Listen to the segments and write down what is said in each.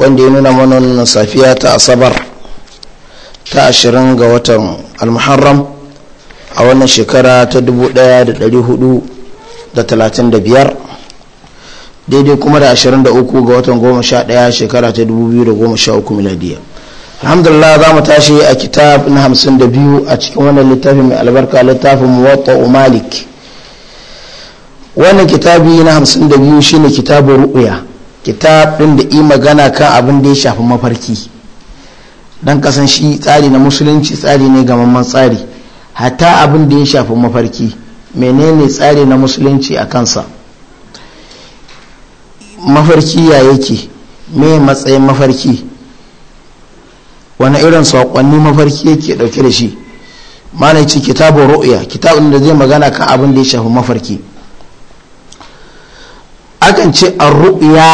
wanda ya nuna mana wannan safiya ta asabar ta ashirin ga watan almuharram a wannan shekara ta 1435 daidai kuma da 23 ga watan 11 shekara ta 2013 miladiya alhamdulillah za mu tashi a kitab na 52 a cikin wannan littafin mai albarka littafin muwatta malik wannan kitabi na 52 shine kitabin ru'uya kitab ɗin da yi magana kan abin da ya shafi mafarki don kasan shi tsari na musulunci tsari ne ga mamman tsari hatta abin da ya shafi mafarki menene tsari na musulunci a kansa mafarki ya yake me matsayin mafarki wani irin saƙonni mafarki yake dauke da shi mana ce kitabun ru'ya kitabun da zai magana kan abin da ya shafi mafarki akan ce a ru'ya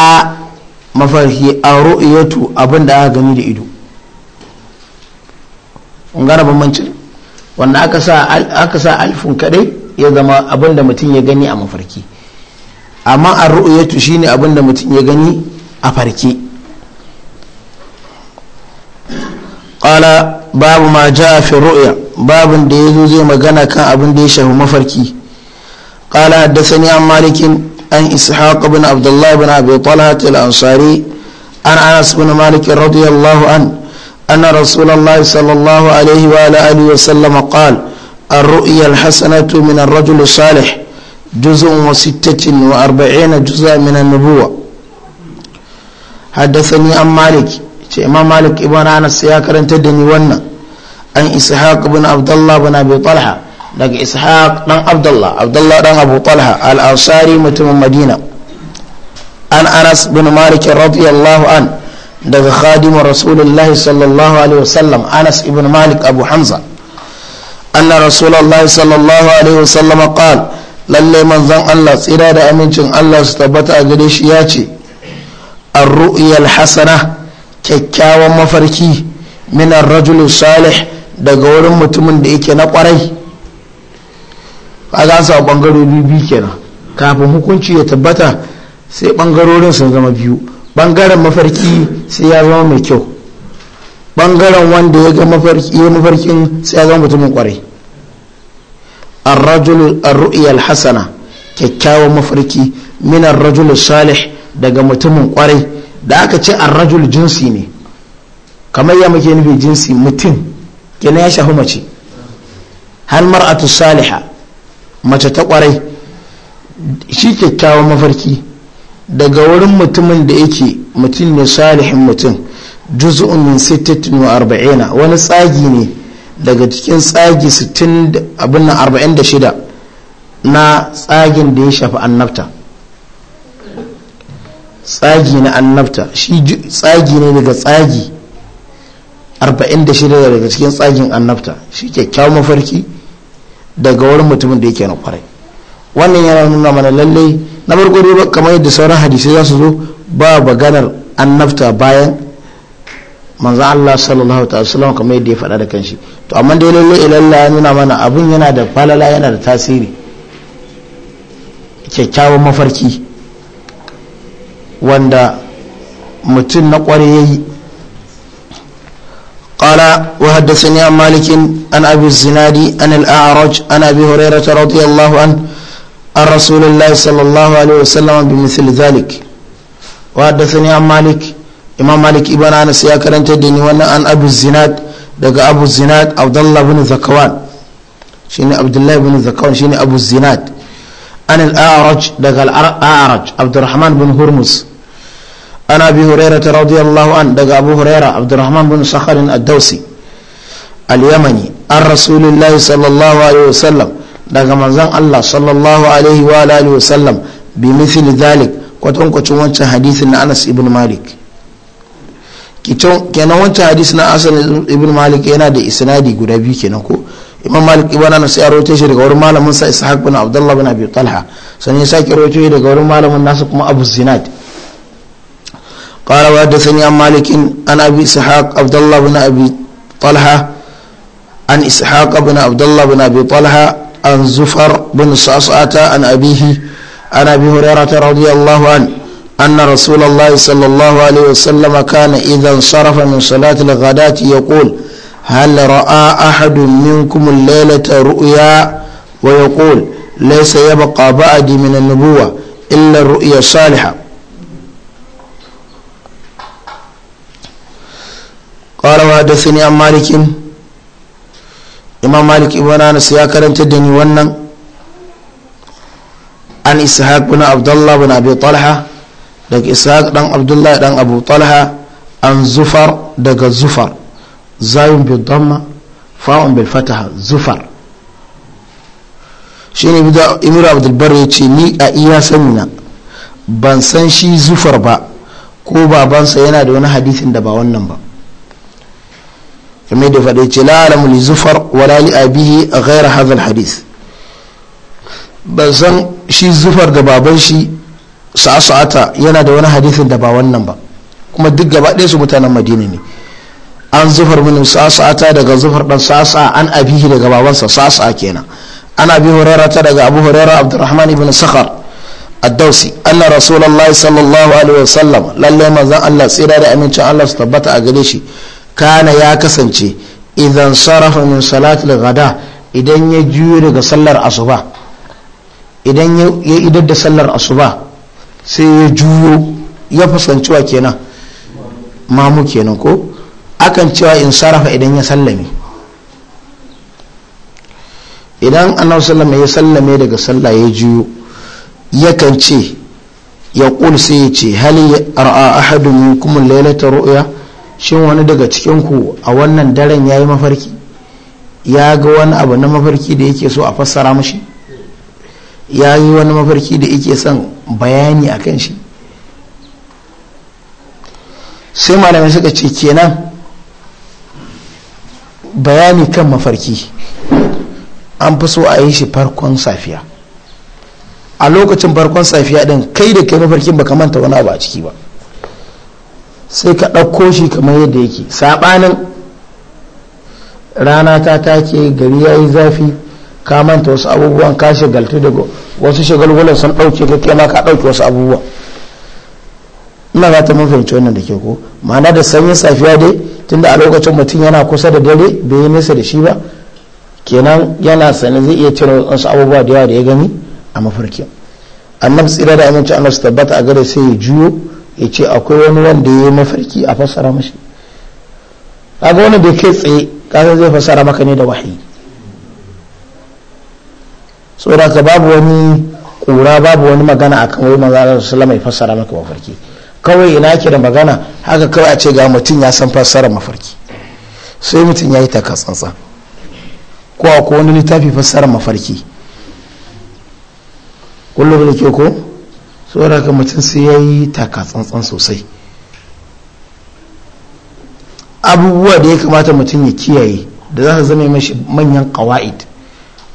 mafarki a ru'yatu abin da aka gani da ido gane bambanci wanda aka sa alfin kadai ya zama abinda da mutum ya gani a mafarki amma a ru'yatu shine abin da mutum ya gani a farki qala babu ma ja fi ru'ya babin da yazo zai magana kan abin da ya shafi mafarki qala haddathani an malikin عن إسحاق بن عبد الله بن أبي طلحة الأنصاري عن أنس بن مالك رضي الله عنه أن رسول الله صلى الله عليه وعلى آله وسلم قال الرؤيا الحسنة من الرجل الصالح جزء وستة وأربعين جزء من النبوة حدثني عن مالك إمام مالك ابن أنس يا كرنت الدنيا عن إسحاق بن عبد الله بن أبي طلحة daga ishaq dan abdullah abdullah dan abu talha al-ansari mutumin madina an anas bin malik radiyallahu an daga khadimin rasulullahi sallallahu alaihi wasallam anas ibn malik abu hamza أن رسول الله صلى الله عليه وسلم قال للي من ظن الله سيرا ce أمينتين الله ستبت hasana ياتي mafarki الحسنة كيكاوى مفركي من الرجل الصالح دا قول متمن na kwarai. a za su bangarori biyu kenan kafin hukunci ya tabbata sai bangarorin sun zama biyu bangaren mafarki sai ya zama mai kyau bangaren wanda ya ga mafarkin sai ya zama mutumin kwarai الرجل ru'iyar hasana kyakkyawan mafarki minar rajul salih daga mutumin kwarai da aka ce an rajul jinsi ne kamar ya muke nufi jinsi mutum kenan ya shafi mace hal mar'atu saliha mace ta kwarai shi kyakkyawan mafarki daga wurin mutumin da yake mutum ne salihin mutum juz'un min arba'ina wani tsagi ne daga cikin tsagi 60 abin 46 na tsagin da ya shafi annabta tsagi na annabta shi tsagi ne daga tsagi 46 daga cikin tsagin annabta shi kyakkyawan mafarki daga wurin mutumin da yake na kwarai wannan yana nuna mana lallai na farko dai kamar yadda sauran hadisai za su zo ba baganar annabta bayan manzo Allah sallallahu alaihi wasallam kamar yadda ya faɗa da kanshi to amma dai lallai ilalla ya nuna mana abun yana da falala yana da tasiri kyakkyawan mafarki wanda mutum na kwarai yayi قال وحدثني عن مالك عن أبي الزنادي عن الأعرج عن أبي هريرة رضي الله عنه عن رسول الله صلى الله عليه وسلم بمثل ذلك وحدثني عن مالك إمام مالك ابن أنس يا كرنت ديني وأنا عن أبي الزناد دق أبو الزناد عبد الله بن ذكوان شيني عبد الله بن ذكوان شيني أبو الزناد عن الأعرج دق الأعرج عبد الرحمن بن هرمز عن أبي هريرة رضي الله عنه دق أبو هريرة عبد الرحمن بن صخر الدوسي al-yamani an rasulullahi sallallahu alaihi sallam daga manzon Allah sallallahu alaihi wa alihi sallam bi mithli dhalik kwatankwacin wancan hadisin na Anas ibn Malik kenan wancan hadisi na anas ibn malik yana da isnadi guda biyu kenan ko imam malik ibn anas ya rawaito shi daga wurin malamin sa ishaq bin abdullah bin abi talha sannan ya sake rawaito shi daga wurin malamin nasu kuma abu zinad qala wa hadathani an malikin an abi ishaq abdullah bin abi talha عن إسحاق بن عبد الله بن أبي طلحة عن زفر بن صعصعة عن أبيه عن أبي هريرة رضي الله عنه أن رسول الله صلى الله عليه وسلم كان إذا انصرف من صلاة الغداة يقول هل رأى أحد منكم الليلة رؤيا ويقول ليس يبقى بعدي من النبوة إلا الرؤيا الصالحة قال وحدثني عن مالك imam malik ibn anas ya karanta da ni wannan an ishaq bin abdullah bin abi talha daga ishaq dan abdullah dan abu talha an zufar daga zufar zayun bi damma fa'un bil fataha zufar ne bida imru abdul bar ce ni a iya sanina ban san shi zufar ba ko babansa yana da wani hadisin da ba wannan ba kamar da faɗa ce la'alam li zufar wala li abihi a ghairu hadhal hadith ban san shi zufar da baban shi sa'ata yana da wani hadisin da ba wannan ba kuma duk gaba ɗaya su mutanen madina ne an zufar min sa'ata daga zufar dan sa'a an abihi daga babansa sa'a kenan an abi hurairah ta daga abu hurairah abdurrahman ibn sakhar الدوسي أن رسول الله صلى الله عليه وسلم لله ما زال الله سيرا أمين الله استبت shi. kana ya kasance idan sarafa min salatul gada idan ya juyo daga sallar asuba idan ya idar da sallar asuba sai ya juyo ya fasancewa kenan mamu kenan ko akan cewa in sarafa idan ya sallame idan annabi sallama ya sallame daga sallah ya juyo yakan ce ya sai ya ce hali ra'a ahadun kuma lailata ru'ya shin wani daga cikinku a wannan daren ya yi mafarki ya ga wani abu na mafarki da yake so a fassara mashi ya yi wani mafarki da yake son bayani a kan shi sai malamai suka ce kenan bayani kan mafarki an fi so a yi shi farkon safiya a lokacin farkon safiya din kai da kai mafarkin baka manta wani abu a ciki ba sai ka ɗauko shi kamar yadda yake saɓanin rana ta take gari ya yi zafi ka manta wasu abubuwan ka shagaltu daga wasu shagalgulan sun ɗauke ka kema ka ɗauke wasu abubuwan ina za ta mafinci wannan da ke ko ma'ana da sanyin safiya dai tunda a lokacin mutum yana kusa da dare bai yi nesa da shi ba kenan yana sane zai iya cire wasu abubuwa da yawa da ya gani a mafarkin annabi tsira da aminci annabi tabbata a gare sai ya juyo ya ce akwai wani wanda ya yi mafarki a fassara mashi kaga wani bai kai tsaye kaga zai fassara maka ne da wahayi saboda ka babu wani kura babu wani magana akan wai manzo Allah sallama ya fassara maka mafarki kawai ina ke da magana haka kawai a ce ga mutum ya san fassara mafarki sai mutum ya yi ta katsantsa ko a wani littafi fassara mafarki kullum da ke ko saboda ga mutum sai ya yi taka tsantsan sosai abubuwa da ya kamata mutum ya kiyaye da za su zama mashi manyan kawa'id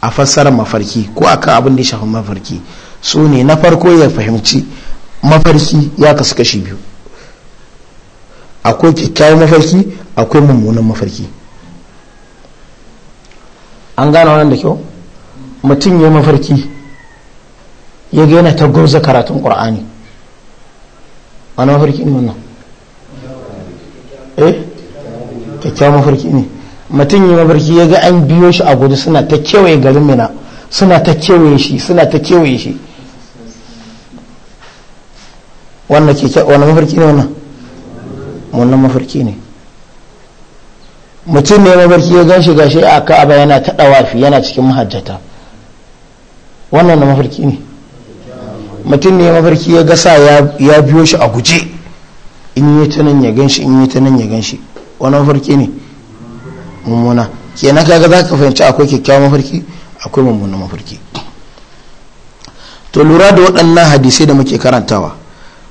a fassarar mafarki ko a kan abin da ya shafi mafarki su ne na farko ya fahimci mafarki ya kasu kashi biyu akwai kyakkyawan mafarki akwai mummunan mafarki an gane wannan da kyau mutum ya mafarki ya yana ta gurza karatun qur'ani ana mafarki ne wannan eh kyakkyawan mafarki ne mutum yi mafarki ya ga an biyo shi a gudu suna ta kewaye garin mina suna ta kewaye shi suna ta kewaye shi wannan wannan mafarki ne wannan wannan mafarki ne mutum ne mafarki ya gan shi gashi a ka'aba yana ta dawafi yana cikin mahajjata wannan mafarki ne mutum ne mafarki ya gasa ya biyo shi a guje in yi ta nan ya gan shi in yi ta nan ya gan shi wani mafarki ne mummuna kenan kaga za ka fahimci akwai kyakkyawan mafarki akwai mummunan mafarki to lura da waɗannan hadisai da muke karantawa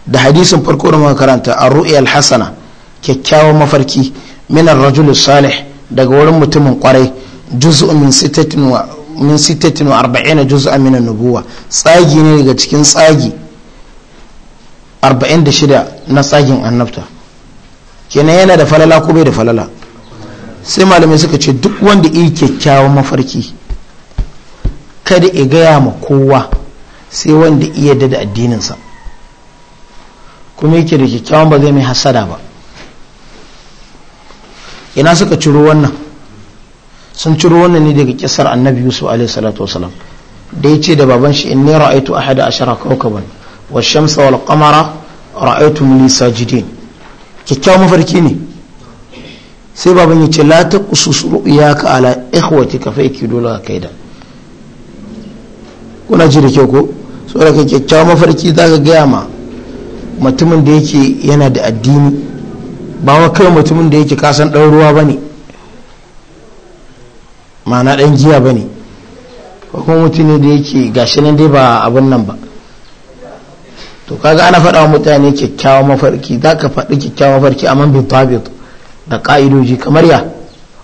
da hadisin farko da muka karanta a ru'yal hasana kyakkyawan mafarki minar rajulu salih daga wurin mutumin kwarai juz'un min sittatin min sittatin wa arba'ina juz'a min an-nubuwa tsagi ne daga cikin tsagi 46 na tsagin annabta kenan yana da falala ko bai da falala sai malamai suka ce duk wanda yi kyakkyawan mafarki kada ya gaya ma kowa sai wanda iya da addininsa kuma yake da kyakkyawan ba zai mai hasada ba ina suka ciro wannan sun ciro wannan ne daga kisar annabi yusuf alaihi salatu wasalam da ya ce da baban shi in ne ra'aitu ahada ashara kawkaban wa shamsa wal qamara ra'aitu mili sajidin kyakkyawa mafarki ne sai baban ya ce la ya ka ala ikhwatika fa ikidu kai kaida kuna ji da kyau ko saboda ka mafarki zaka gaya ma mutumin da yake yana da addini ba wa kai mutumin da yake kasan ɗan ruwa ba ne ma'ana ɗan giya ba ne kuma mutum ne da yake gashi nan dai ba abin nan ba to kaga ana faɗawa mutane kyakkyawan mafarki za ka faɗi kyakkyawan mafarki man bin tabit da ƙa'idoji kamar ya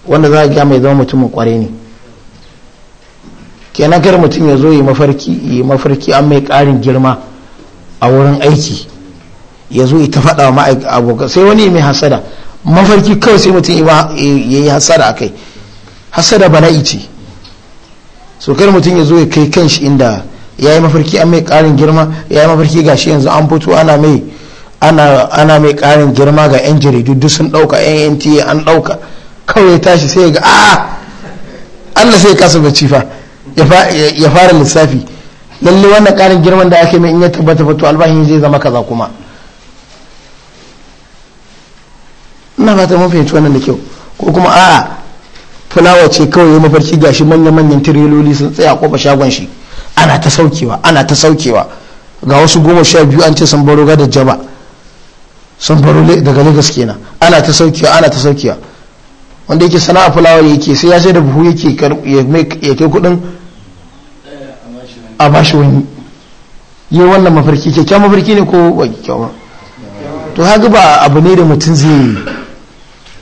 wanda za gya mai zama mutumin ƙware ne kenan kar mutum ya zo yi yi mafarki an mai ƙarin girma a wurin aiki ya zo ita faɗa wa abokan sai wani mai hasada mafarki kawai sai mutum ya yi hasada a kai hasada bala'i ce so kar mutum ya zo ya kai kanshi inda ya yi mafarki an mai karin girma ya yi mafarki gashi yanzu an fito ana mai ana mai karin girma ga yan jaridu duk sun dauka yan nta an dauka kawai tashi sai ga a ah! Allah sai ya kasa bacci fa ya fara lissafi lalle wannan karin girman da ake mai in ya tabbata fato albashin zai zama kaza kuma ina fata mun fahimci wannan da kyau ko kuma a'a fulawa ce kawai ya mafarki gashi manya-manyan tireloli sun tsaya kofa shagon shi ana ta saukewa ana ta saukewa ga wasu goma sha biyu an ce sun baro da jaba sun baro daga lagos kenan ana ta saukewa ana ta saukewa wanda yake sana'a fulawa yake sai ya sai da buhu yake ya kai kudin a bashi wani yi wannan mafarki kyakkyawan mafarki ne ko ba kyakkyawan to haka ba abu ne da mutum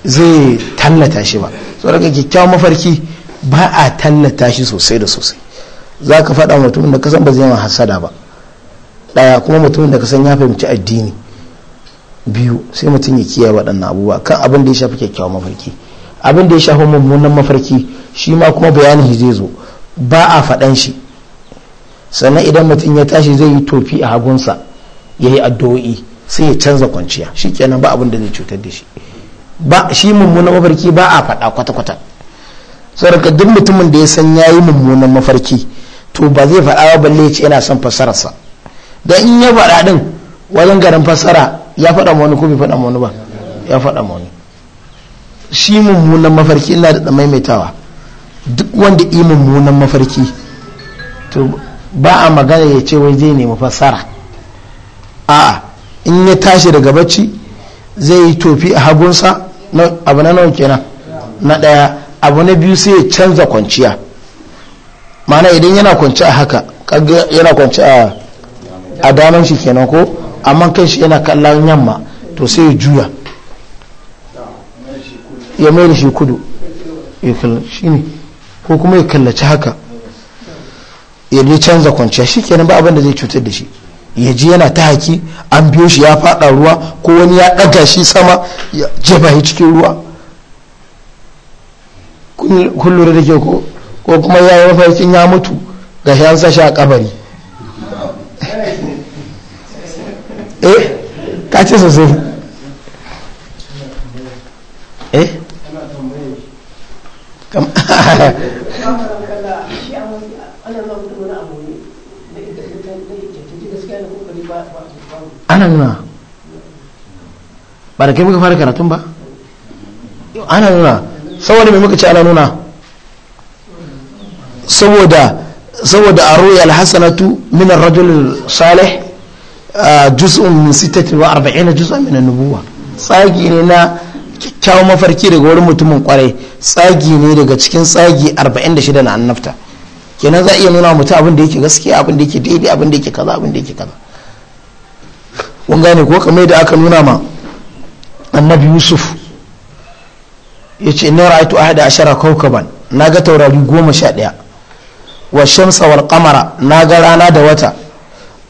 zai tallata shi ba daga kyakkyawan mafarki ba a tallata shi sosai da sosai za ka faɗa mutumin da kasan ba zai ma hasada ba ɗaya kuma mutumin da kasan ya fahimci addini biyu sai mutum ya kiyaye waɗannan abubuwa kan abin da ya shafi kyakkyawan mafarki abin da ya shafi mummunan mafarki shi ma kuma bayanin zai zo ba a faɗan shi sannan idan mutum ya tashi zai yi tofi a hagunsa ya yi addu'o'i sai ya canza kwanciya shi kenan ba abin da zai cutar da shi ba shi mummunan mafarki ba a faɗa kwata-kwata saboda duk mutumin da ya san ya yi mummunan mafarki to ba zai faɗa ba balle ce yana son fasararsa don in ya faɗa ɗin wajen garin fasara ya faɗa ma wani ko bai faɗa ma wani ba ya faɗa ma wani shi mummunan mafarki ina da maimaitawa duk wanda yi mummunan mafarki to ba a magana ya ce wai zai nemi fasara a'a in ya tashi daga bacci zai yi tofi a hagunsa abu na nawa kenan na ɗaya abu na biyu sai ya canza kwanciya mana idan yana kwanci a haka yana kwanci a a daman shi kenan ko amma kan shi yana kallon yamma to sai ya juya ya mai da shi kudu ya kallaci ne ko kuma ya kallaci haka ya canza kwanciya shi kenan ba abin da zai cutar da shi ya ji yana ta haki an biyo shi ya fada ruwa ko wani ya ɗaga shi sama ya jefa shi cikin ruwa kun da ke ko kuma ya yi mafarkin ya mutu ga shi an sashi a kabari eh ka ce sosai eh kam ana nuna ba da kai muka fara karatun ba ana nuna saboda mai muka ce ana nuna saboda saboda a ruya alhassanatu min rajul salih juz'un min 46 juz'un min nubuwa tsagi ne na kyakkyawan mafarki daga wurin mutumin kwarai tsagi ne daga cikin tsagi 46 na annabta kenan za a iya nuna mutum abin da yake gaskiya abin da yake daidai abin da yake kaza abin da yake kaza kun gane ko kamar da aka nuna ma annabi yusuf ya ce ina ra'aitu ahada ashara kawkaban na ga taurari goma sha ɗaya wa shamsa wal na ga rana da wata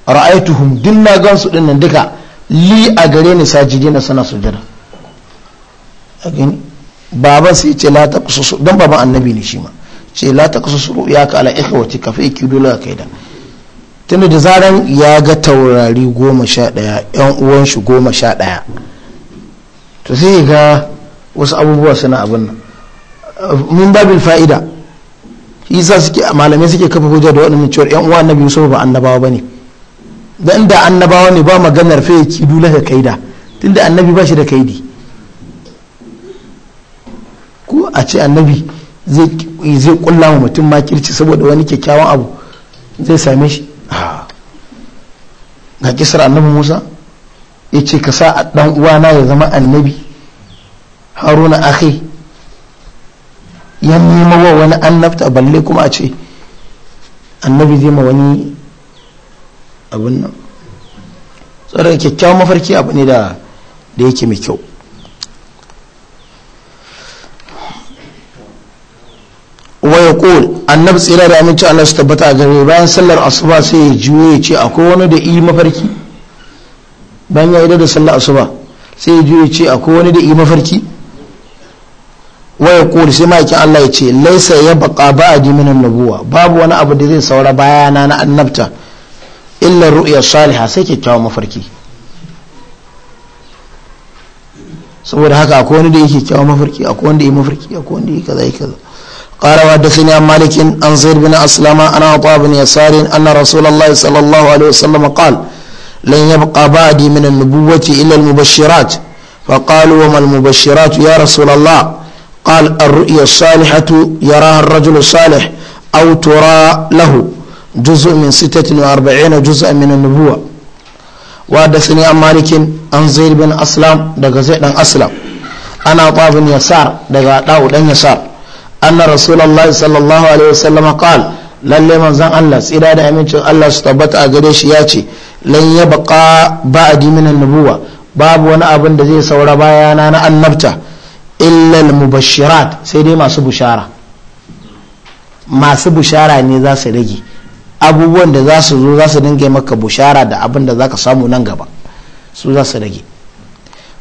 ra'aituhum din na gansu din nan duka li a gare ni sajidina suna sujada baban sai ce la su don baban annabi ne shi ma ce la taqsusu ru'yaka ala ikhwatika fa ikidu la kaida tunda da zaran ya ga taurari goma sha ɗaya yan uwan shi goma sha ɗaya to sai ga wasu abubuwa suna abin nan mun babin fa'ida shi sa suke malamai suke kafa hujja da waɗannan cewa yan uwa annabi Yusuf ba annabawa bane dan da annabawa ne ba maganar fa yake dula ka kaida tunda annabi ba shi da kaidi ko a ce annabi zai zai kulla mutum makirci saboda wani kyakkyawan abu zai same shi ga kisar annabi musa ya ce ka sa a ɗan uwana ya zama annabi haruna akhi ya nema wa wani annabta balle kuma a ce annabi zai ma wani abin nan tsoron kyakkyawan mafarki abu ne da yake mai kyau waya ya annabi tsira da aminci Allah su tabbata a gare bayan sallar asuba sai ya juyo ya ce akwai wani da yi mafarki bayan ya yi da sallar asuba sai ya juyo ya ce akwai wani da yi mafarki waya ya ƙul sai ma'aikin Allah ya ce laisa ya baka ba a jiminan nabuwa babu wani abu da zai saura bayana na annabta illa ru'ya saliha sai kyakkyawan mafarki saboda haka akwai wani da yake kyawun mafarki akwai wanda yi mafarki akwai wanda yi kaza yi kaza قال وحدثني عن مالك عن زيد بن أسلم عن عطاء بن يسار أن رسول الله صلى الله عليه وسلم قال لن يبقى بعدي من النبوة إلا المبشرات فقالوا وما المبشرات يا رسول الله قال الرؤيا الصالحة يراها الرجل الصالح أو ترى له جزء من ستة وأربعين جزءا من النبوة وحدثني عن مالك عن زيد بن أسلم دقى زيد بن أسلم أنا طاب يسار دقى داود يسار anna rasulullahi sallallahu alaihi wasallam qal lalle manzon Allah tsira da amincin Allah su tabbata a gare shi ya ce lan yabqa ba'di min an-nubuwa babu wani abun da zai saura bayana na annabta illa al-mubashirat sai dai masu bushara masu bushara ne za su rage abubuwan da za su zo za su dinga maka bushara da abin da za ka samu nan gaba su za rage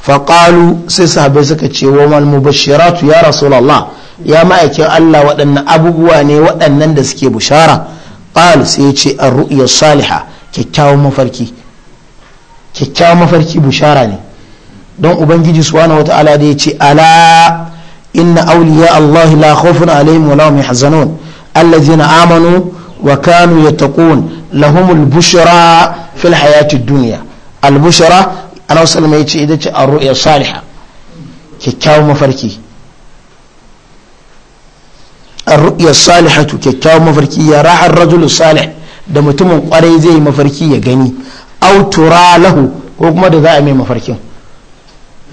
faƙalu sai sahabai suka cewa wa mal ya rasulallah ya ma'aikin Allah waɗannan abubuwa ne waɗannan da suke bushara qal sai ce ar-ru'ya salihah kyakkyawan mafarki kyakkyawan mafarki bushara ne don ubangiji subhanahu wata'ala da ya ce ala inna awliya Allah la khawfun alaihim wa lahum yahzanun allazina amanu wa kanu yattaqun lahumul bushra fil hayati dunya al bushra ana wasallam ya ce ce ar-ru'ya salihah kyakkyawan mafarki ar-ru'ya salihatu kyakkyawan mafarki ya rahar rajulu salih da mutumin kwarai zai mafarki ya gani aw tura ko kuma da za a mai mafarkin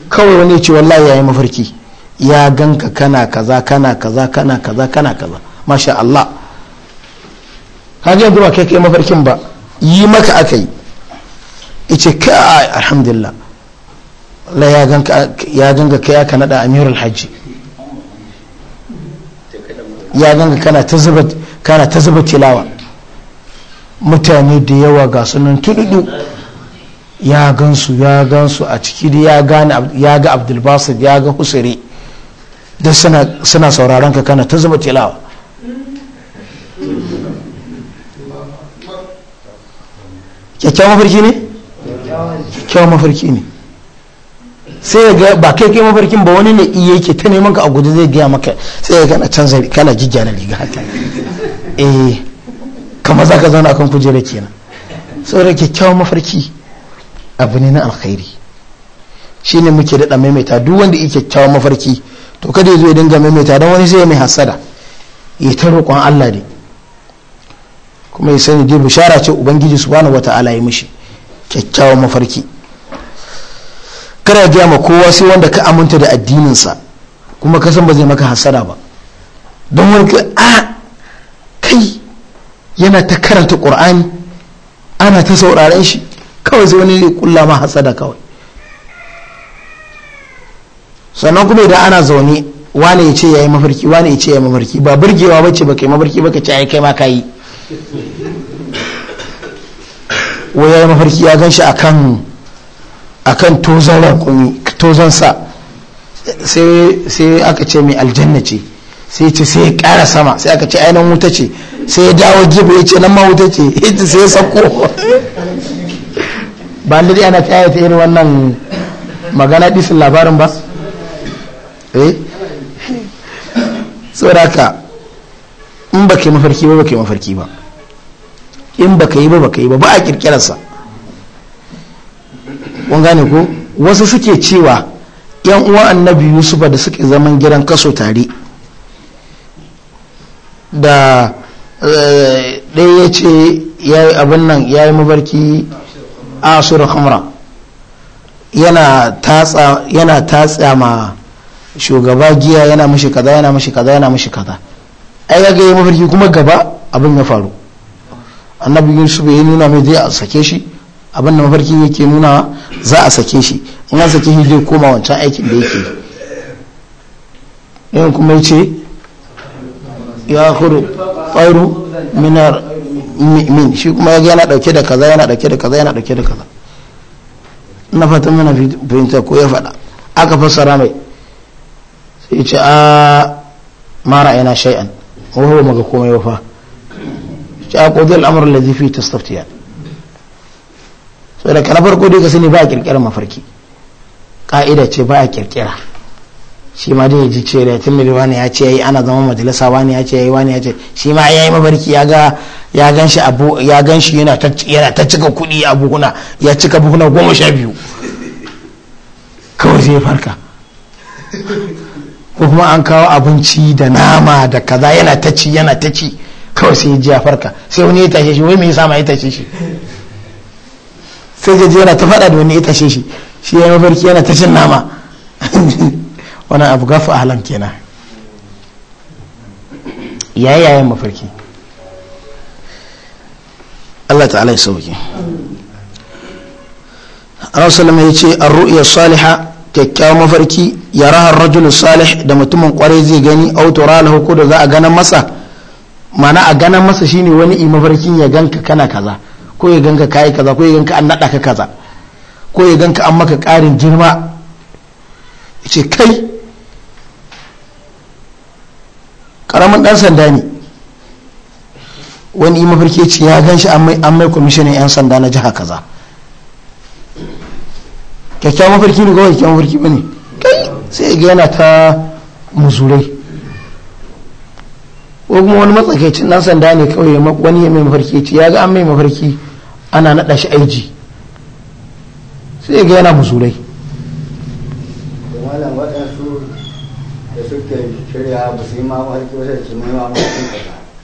kawai wani ya ce wallahi yayi mafarki ya ganka kana kaza kana kaza kana kaza kana kaza masha Allah kaje yanzu ba kai mafarkin ba yi maka aka yi ice ka alhamdulillah ya ganka ya kai aka amirul hajji ya ganga kana ta zuba kana ta zuba tilawa mutane da yawa ga sunan tududu ya gansu ya gansu a ciki da ya gane ya ga abdulbasir ya ga husari duk suna sauraron ka kana ta zuba tilawa kyakkyawan mafarki ne kyakkyawan mafarki ne sai ga ba kai kai mafarkin ba wani ne iya yake ta neman ka a guji zai gaya maka sai ga kana canza kana na riga haka eh kamar za ka zauna akan kujera kenan saboda kyakkyawan mafarki abu ne na alkhairi shi ne muke daɗa maimaita duk wanda yake kyakkyawan mafarki to kada ya zo ya dinga maimaita don wani sai mai hasada ya ta roƙon Allah ne kuma ya sani dai bishara ce ubangiji subhanahu wata'ala ya mishi kyakkyawan mafarki kana gaya ma kowa sai wanda ka aminta da addininsa kuma ka san ba zai maka hasara ba don wani a kai yana ta karanta ƙur'ani ana ta sauraren shi kawai sai wani kulla ma hasada kawai sannan kuma idan ana zaune wane ya ce ya yi mafarki wane ya ce ya yi mafarki ba burgewa ba ce ba kai mafarki ba ka ce ai kai ma ka yi wai ya yi mafarki ya gan shi a kan akan tozan rakumi tozan sa sai aka ce mai aljanna ce sai ce sai ya ƙara sama sai aka ce ainihin wuta ce sai ya dawo jibu ya ce nan ma wuta ce ita sai ya sako ba da ana tsaye ta irin wannan magana disin labarin ba eh tsoraka in ba ke mafarki ba ba ke mafarki ba in ba ka yi ba ba ka yi ba ba a kirkirarsa kun gane ko wasu suke cewa yan uwan annabi yusufa da suke zaman gidan kaso tare da eh, ɗaya ya ce ya yi abin nan ya yi mabarki asura kamra yana tatsa ma shugaba giya yana mashi kaza yana mashi kaza yana mashi kaza ai ga yi mafarki kuma gaba abin ya faru annabi yusuf ya nuna mai zai a sake shi abin da mafarkin yake nuna za a sake shi in an sake shi zai koma wancan aikin da yake ɗayan kuma ya ce ya kuru faru minar min shi kuma yaga yana ɗauke da kaza yana ɗauke da kaza yana ɗauke da kaza na fatan mana fahimta ko ya faɗa aka fassara mai sai ya ce a mara yana shay'an wani maga komai ba fa ce a kodin al'amuran lazifi ta staftiya so da kana farko dai ka sani ba a kirkirar mafarki ka'ida ce ba a kirkira shi ma dai ji da tun da wani ya ce yayi ana zama majalisa wani ya ce yayi wani ya ce shi ma yayi mafarki ya ga ya ganshi abu ya ganshi yana ta yana ta cika kuɗi a buhuna ya cika buhuna goma sha biyu kawai zai farka ko kuma an kawo abinci da nama da kaza yana ta ci yana ta ci kawai sai ya ji ya farka sai wani ya tashe shi wai me yasa ma ya tashe shi sai gaji yana ta faɗa da wani ita shi shi shi ya mafarki yana ta cin nama wani abu gafa halam kenan yi yayin mafarki Allah ta'ala ya sauki. Allah sallama ya ce an ru'iyar saliha kyakkyawan mafarki ya rahar rajulun salih da mutumin kwarai zai gani autora ralahu ko da za a ganan masa mana a ganan masa shine wani i mafarkin ya ganka kana kaza ko ya ganka kayi kaza ko ya ganka an naɗa ka kaza ko ya ganka an maka ƙarin girma ya ce kai ƙaramin ɗan sanda ne wani mafarki ce ya gan shi an mai kwamishinan 'yan sanda na jiha kaza kyakkyawan mafarki ne kawai kyakkyawan mafarki ba ne kai sai ga yana ta muzurai ko kuma wani matsakaicin ɗan sanda ne kawai wani ya mai mafarki ce ya ga an mai mafarki ana naɗa shi aiji sai ga yana musulai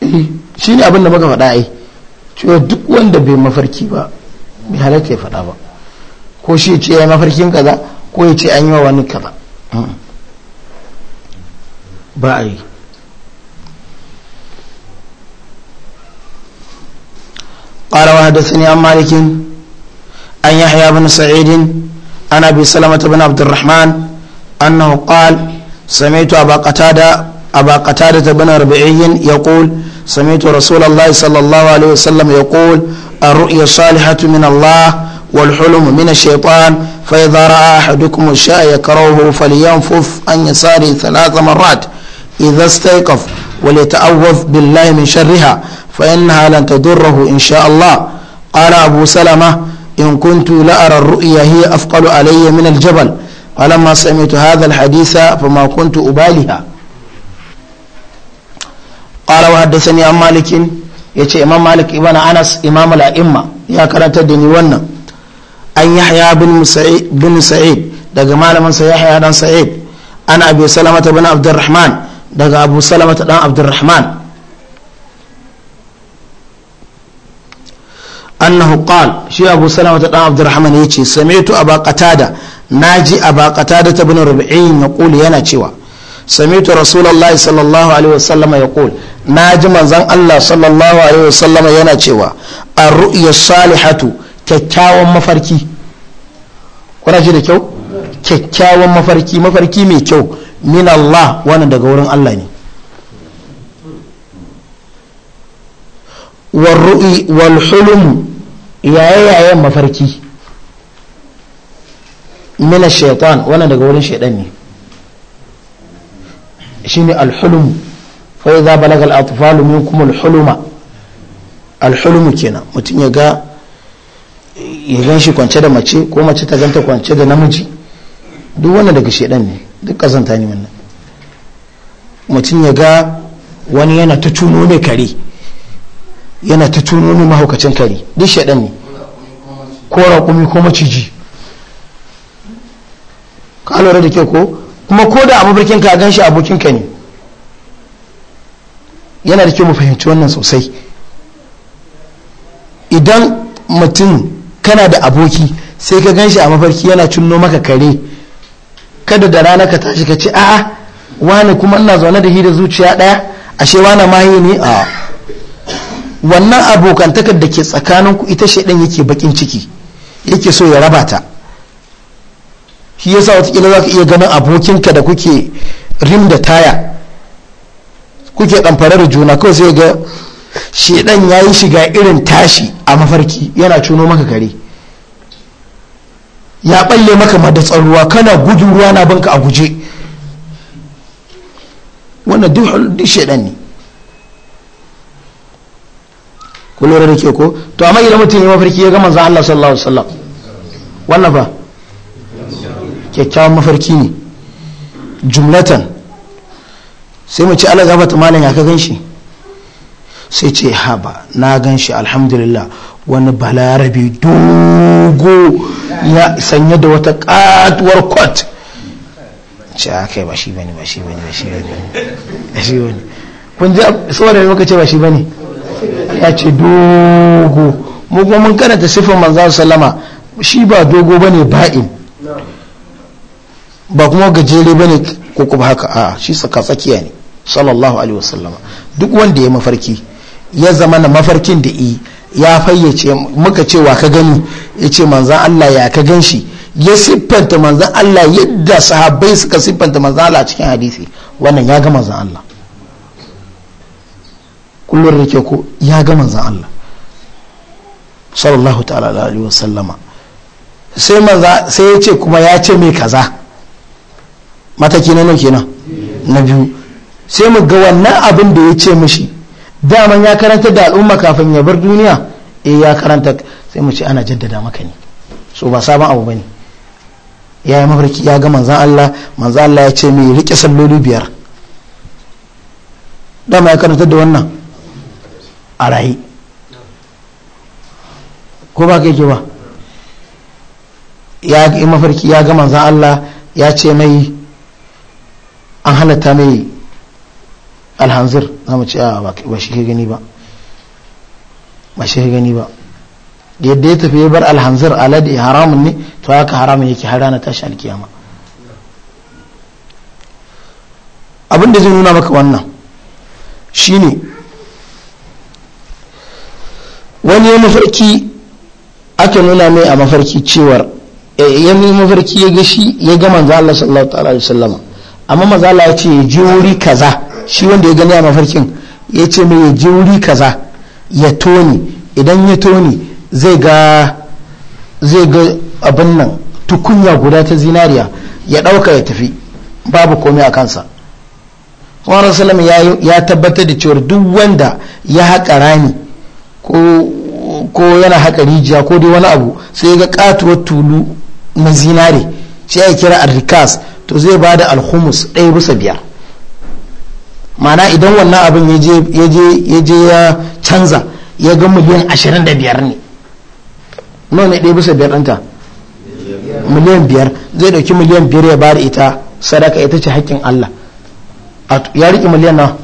shi ne abin da muka faɗa ai cewa duk wanda bai mafarki ba bai halatta ya faɗa ba ko shi ce ya yi mafarkin kaza ko ya ce an yi wa wani kaza mm. ba a yi قال وحدثني عن مالك أن يحيى بن سعيد عن أبي سلمة بن عبد الرحمن أنه قال سمعت أبا قتادة أبا قتادة بن ربيعي يقول سمعت رسول الله صلى الله عليه وسلم يقول الرؤيا الصالحة من الله والحلم من الشيطان فإذا رأى أحدكم الشاء يكرهه فلينفث عن يساره ثلاث مرات إذا استيقظ وليتأوذ بالله من شرها فإنها لن تضره إن شاء الله قال أبو سلمة إن كنت لأرى الرؤيا هي أثقل علي من الجبل فلما سمعت هذا الحديث فما كنت أبالها قال وحدثني عن مالك يتي إمام مالك ابن أنس إمام الأئمة يا كرنت الدنيا ونم أن يحيى بن سعيد بن سعيد daga malaminsa yahya dan sa'id an abu salamata bin abdurrahman daga abu salamata dan abdurrahman annahu qal shi abu ɗan ta dan abdurrahman yace sami'tu aba qatada naji aba qatada ta bin rubi'in yaqul yana cewa sami'tu rasulullah sallallahu alaihi wasallam yaqul naji manzon Allah sallallahu alaihi wasallam yana cewa ar-ru'ya salihatu kyakkyawan mafarki kuna ji da kyau kyakkyawan mafarki mafarki mai kyau min Allah wannan daga wurin Allah ne warru'i walhulum yayayayen mafarki mina shaitan wannan daga wurin shaitan ne shine alhulum fa idza balaga al-atfalu minkum al-huluma kenan mutum ya ga ya gan mace ko mace ta ganta kwance namiji duk wannan daga shaidan ne duk wannan mutum ya ga wani yana ta cuno ne kare yana ta tuno ne mahaukacin kare duk shaɗan ne ko raƙumi ko maciji ka lura da kyau ko kuma ko da abubakin ka gan shi abokin ka ne yana da kyau mu fahimci wannan sosai idan mutum kana da aboki sai ka gan shi a mafarki yana cinno maka kare kada da rana ka tashi ka ce a'a wani kuma ina zaune da hi zuciya daya ashe wani mahi ne a wannan abokantakar da ke tsakanin ku ita shaidan yake bakin ciki yake so ya raba ta shi yasa wata za ka iya ganin abokinka da kuke rim da taya kuke da juna kawai sai ga Shaiɗan ya yi shiga irin tashi a mafarki yana cuno maka kare ya balle maka madatsar ruwa kana gudu ruwa na banka a guje wannan duk shaidan ne ku lura da ke ko to amma idan mutum ya mafarki ya ga manzo Allah sallallahu alaihi wasallam wannan fa kyakkyawan mafarki ne jumlatan sai mu ci Allah ta malam ya ka ganshi sai ce ba na ganshi alhamdulillah wani balarabe dogo ya sanya da wata katuwar kwat ce a ah, kai ba shi bane ba shi bane ba shi bane kun ji saboda da muka ce ba shi bane ya ce dogo mu kuma mun karanta sifin manzo sallama shi ba dogo bane ba'in ba kuma gajere bane ko kuma haka a shi saka tsakiya ne sallallahu alaihi wasallama duk wanda ya mafarki ya zama na mafarkin da i ya fayyace muka cewa ka gani ya ce manzan Allah ya ka gan shi ya siffanta manzan Allah yadda sahabbai suka siffanta manzan Allah cikin hadisi wannan ya ga manzan Allah kullum da ke ko ya ga manzan Allah sallallahu ta'ala alaihi wa sallama sai manza sai ya ce kuma ya ce mai kaza mataki na nauke kenan na biyu sai mu ga wannan abin da ya ce mishi daman ya karanta da al'umma kafin ya bar duniya eh ya karanta sai mu ce ana jaddada maka ne so ba sabon abu bane ya yi mafarki ya ga manzan Allah manzan Allah ya ce mai rike salloli biyar dama ya karanta da wannan a raye ko ba ka yake ba ya mafarki ya ga manzan Allah ya ce mai an halatta mai alhanzir za mu ce ba shi gani ba ba shi gani ba yadda ya tafi bar alhanzir alade haramun ne to haka haramun yake har rana tashi alkiyama abin zai nuna maka wannan shine wani ya mafarki aka nuna mai a mafarki cewar eh, ya mai mafarki ya gashi ya ga manzo Allah sallallahu ta'ala alaihi wasallam amma manzo Allah ya ce ya je wuri kaza shi wanda ya gani a mafarkin ya ce mai ya je wuri kaza ya toni idan ya toni zai ga zai ga abin nan tukunya guda ta zinariya ya dauka ya tafi babu komai a kansa Umar ya tabbatar da cewar duk wanda ya haƙa rami ko ko yana haka rijiya ko dai wani abu sai ga katuwar tulu na zinare shi ya kira arrikas to zai ba da alhumus ɗaya bisa biyar mana idan wannan abin ya je ya canza ya ga miliyan ashirin da biyar ne nawa ne ɗaya bisa biyar ɗanta miliyan biyar zai ɗauki miliyan biyar ya ba da ita sadaka ita ce haƙƙin allah ya riƙe miliyan na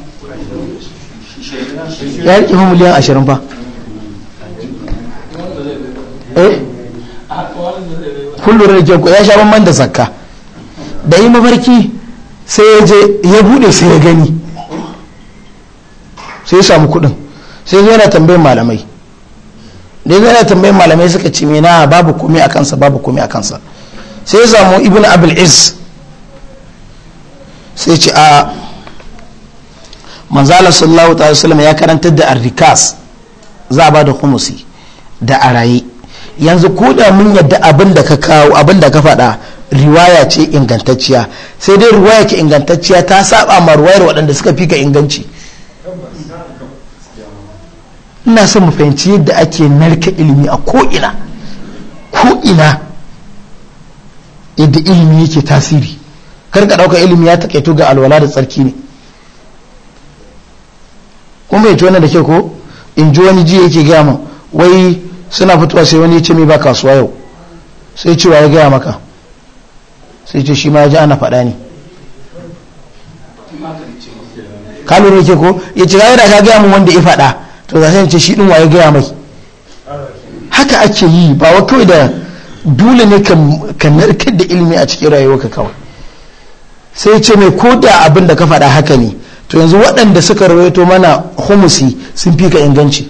ya riƙe miliyan ashirin fa Eh? kullum rage ku ya sha man da zakka da yi mafarki sai ya je ya bude sai ya gani sai ya samu kudin sai ya yana tambayin malamai da ya yana tambayin malamai suka ce na babu komai a kansa babu komai a kansa sai ya samu ibn abul is sai ce a manzala sallallahu ta'ala ya karantar da arrikas za a ba da humusi da raye yanzu ko da mun yadda abin da ka kawo abin da ka faɗa riwaya ce ingantacciya sai dai riwaya ke ingantacciya ta saba ma ruwayar waɗanda suka fi ka inganci ina son mu fahimci yadda ake narka ilimi a ko'ina ko'ina yadda ilimi yake tasiri kar ka ɗauka ilimi ya taƙaito ga alwala da tsarki ne kuma ya ci da ke ko in ji wani ji yake gama wai suna fitowa sai wani ya ce mai ba kasuwa yau sai cewa ya gaya maka sai ce shi ma ya ji ana faɗa ne ka lura ke ko ya ce da ka gaya mu wanda ya faɗa to za sai ce shi ɗin waye gaya mai haka ake yi ba wa kawai da dole ne ka narkar da ilimi a cikin rayuwa ka kawai sai ce mai ko da abin da ka faɗa haka ne to yanzu waɗanda suka rawaito mana humusi sun fi ka inganci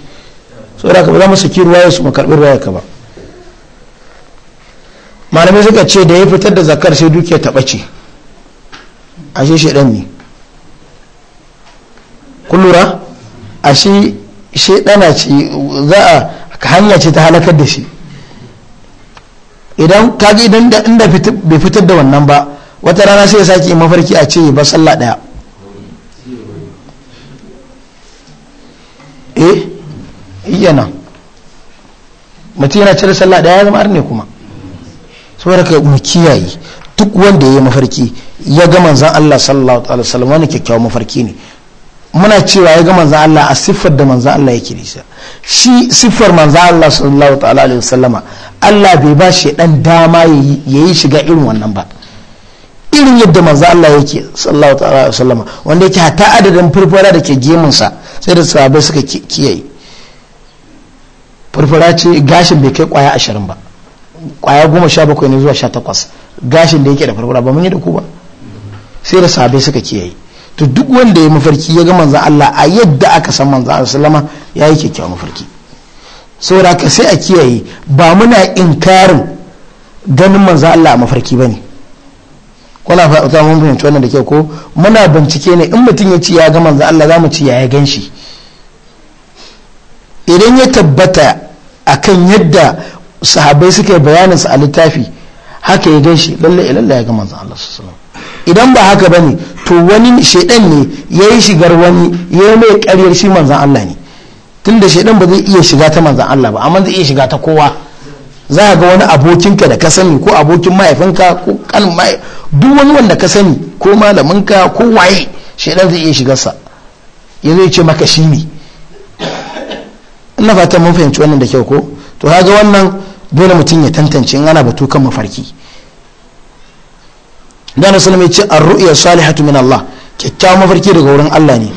saboda ka ba za mu saki ruwa su mu karɓi ka ba malamai suka ce da ya fitar da zakar sai dukiya ta ɓace ashe shaidan ne a shi shaidan shaidana ce za a hanya ce ta halakar da shi idan kaga idan da inda bai fitar da wannan ba wata rana sai ya sake mafarki a ce ba sallah daya eh yana mutum yana cire sallah daya ya zama arne kuma saboda ka mu kiyaye duk wanda ya yi mafarki ya ga manzan Allah sallallahu alaihi wasallam wani kyakkyawan mafarki ne muna cewa ya ga manzan Allah a siffar da manzan Allah yake da shi siffar manzan Allah sallallahu alaihi wasallama Allah bai ba shi dan dama yayi shiga irin wannan ba irin yadda manzan Allah yake sallallahu alaihi wasallama wanda yake hata adadin furfura da ke gemunsa sai da sahabbai suka kiyaye furfura ce gashin bai kai kwaya ashirin ba kwaya goma sha bakwai ne zuwa sha takwas gashin da yake da furfura ba mun yi da ku ba sai da sabai suka kiyaye to duk wanda ya mafarki ya ga manzan Allah a yadda aka san manzan Allah sallama ya yi kyakkyawan mafarki saboda ka sai a kiyaye ba muna inkarin ganin manzan Allah a mafarki ba ne kuna fata mun fahimci wannan da kyau ko muna bincike ne in mutum ya ci ya ga manzan Allah za mu ci ya ya gan shi idan ya tabbata a kan yadda sahabai suka yi bayaninsa a littafi haka ya gan shi lalle ilalla ya ga manzon Allah sallallahu idan ba haka ne to wani shaidan ne ya yi shigar wani ya yi mai karyar shi manzan Allah ne tun da shaidan ba zai iya shiga ta manzan Allah ba amma zai iya shiga ta kowa za ga wani abokinka da ka sani ko abokin mahaifinka ko kan duk wani wanda ka sani ko malaminka ko waye shaidan zai iya shigarsa ya zai ce maka shi ne ina fatan mun fahimci wannan da kyau ko to kaga wannan dole mutum ya tantance in ana batu kan mafarki da na mai ce ar salihatu min Allah kyakkyawan mafarki daga wurin Allah ne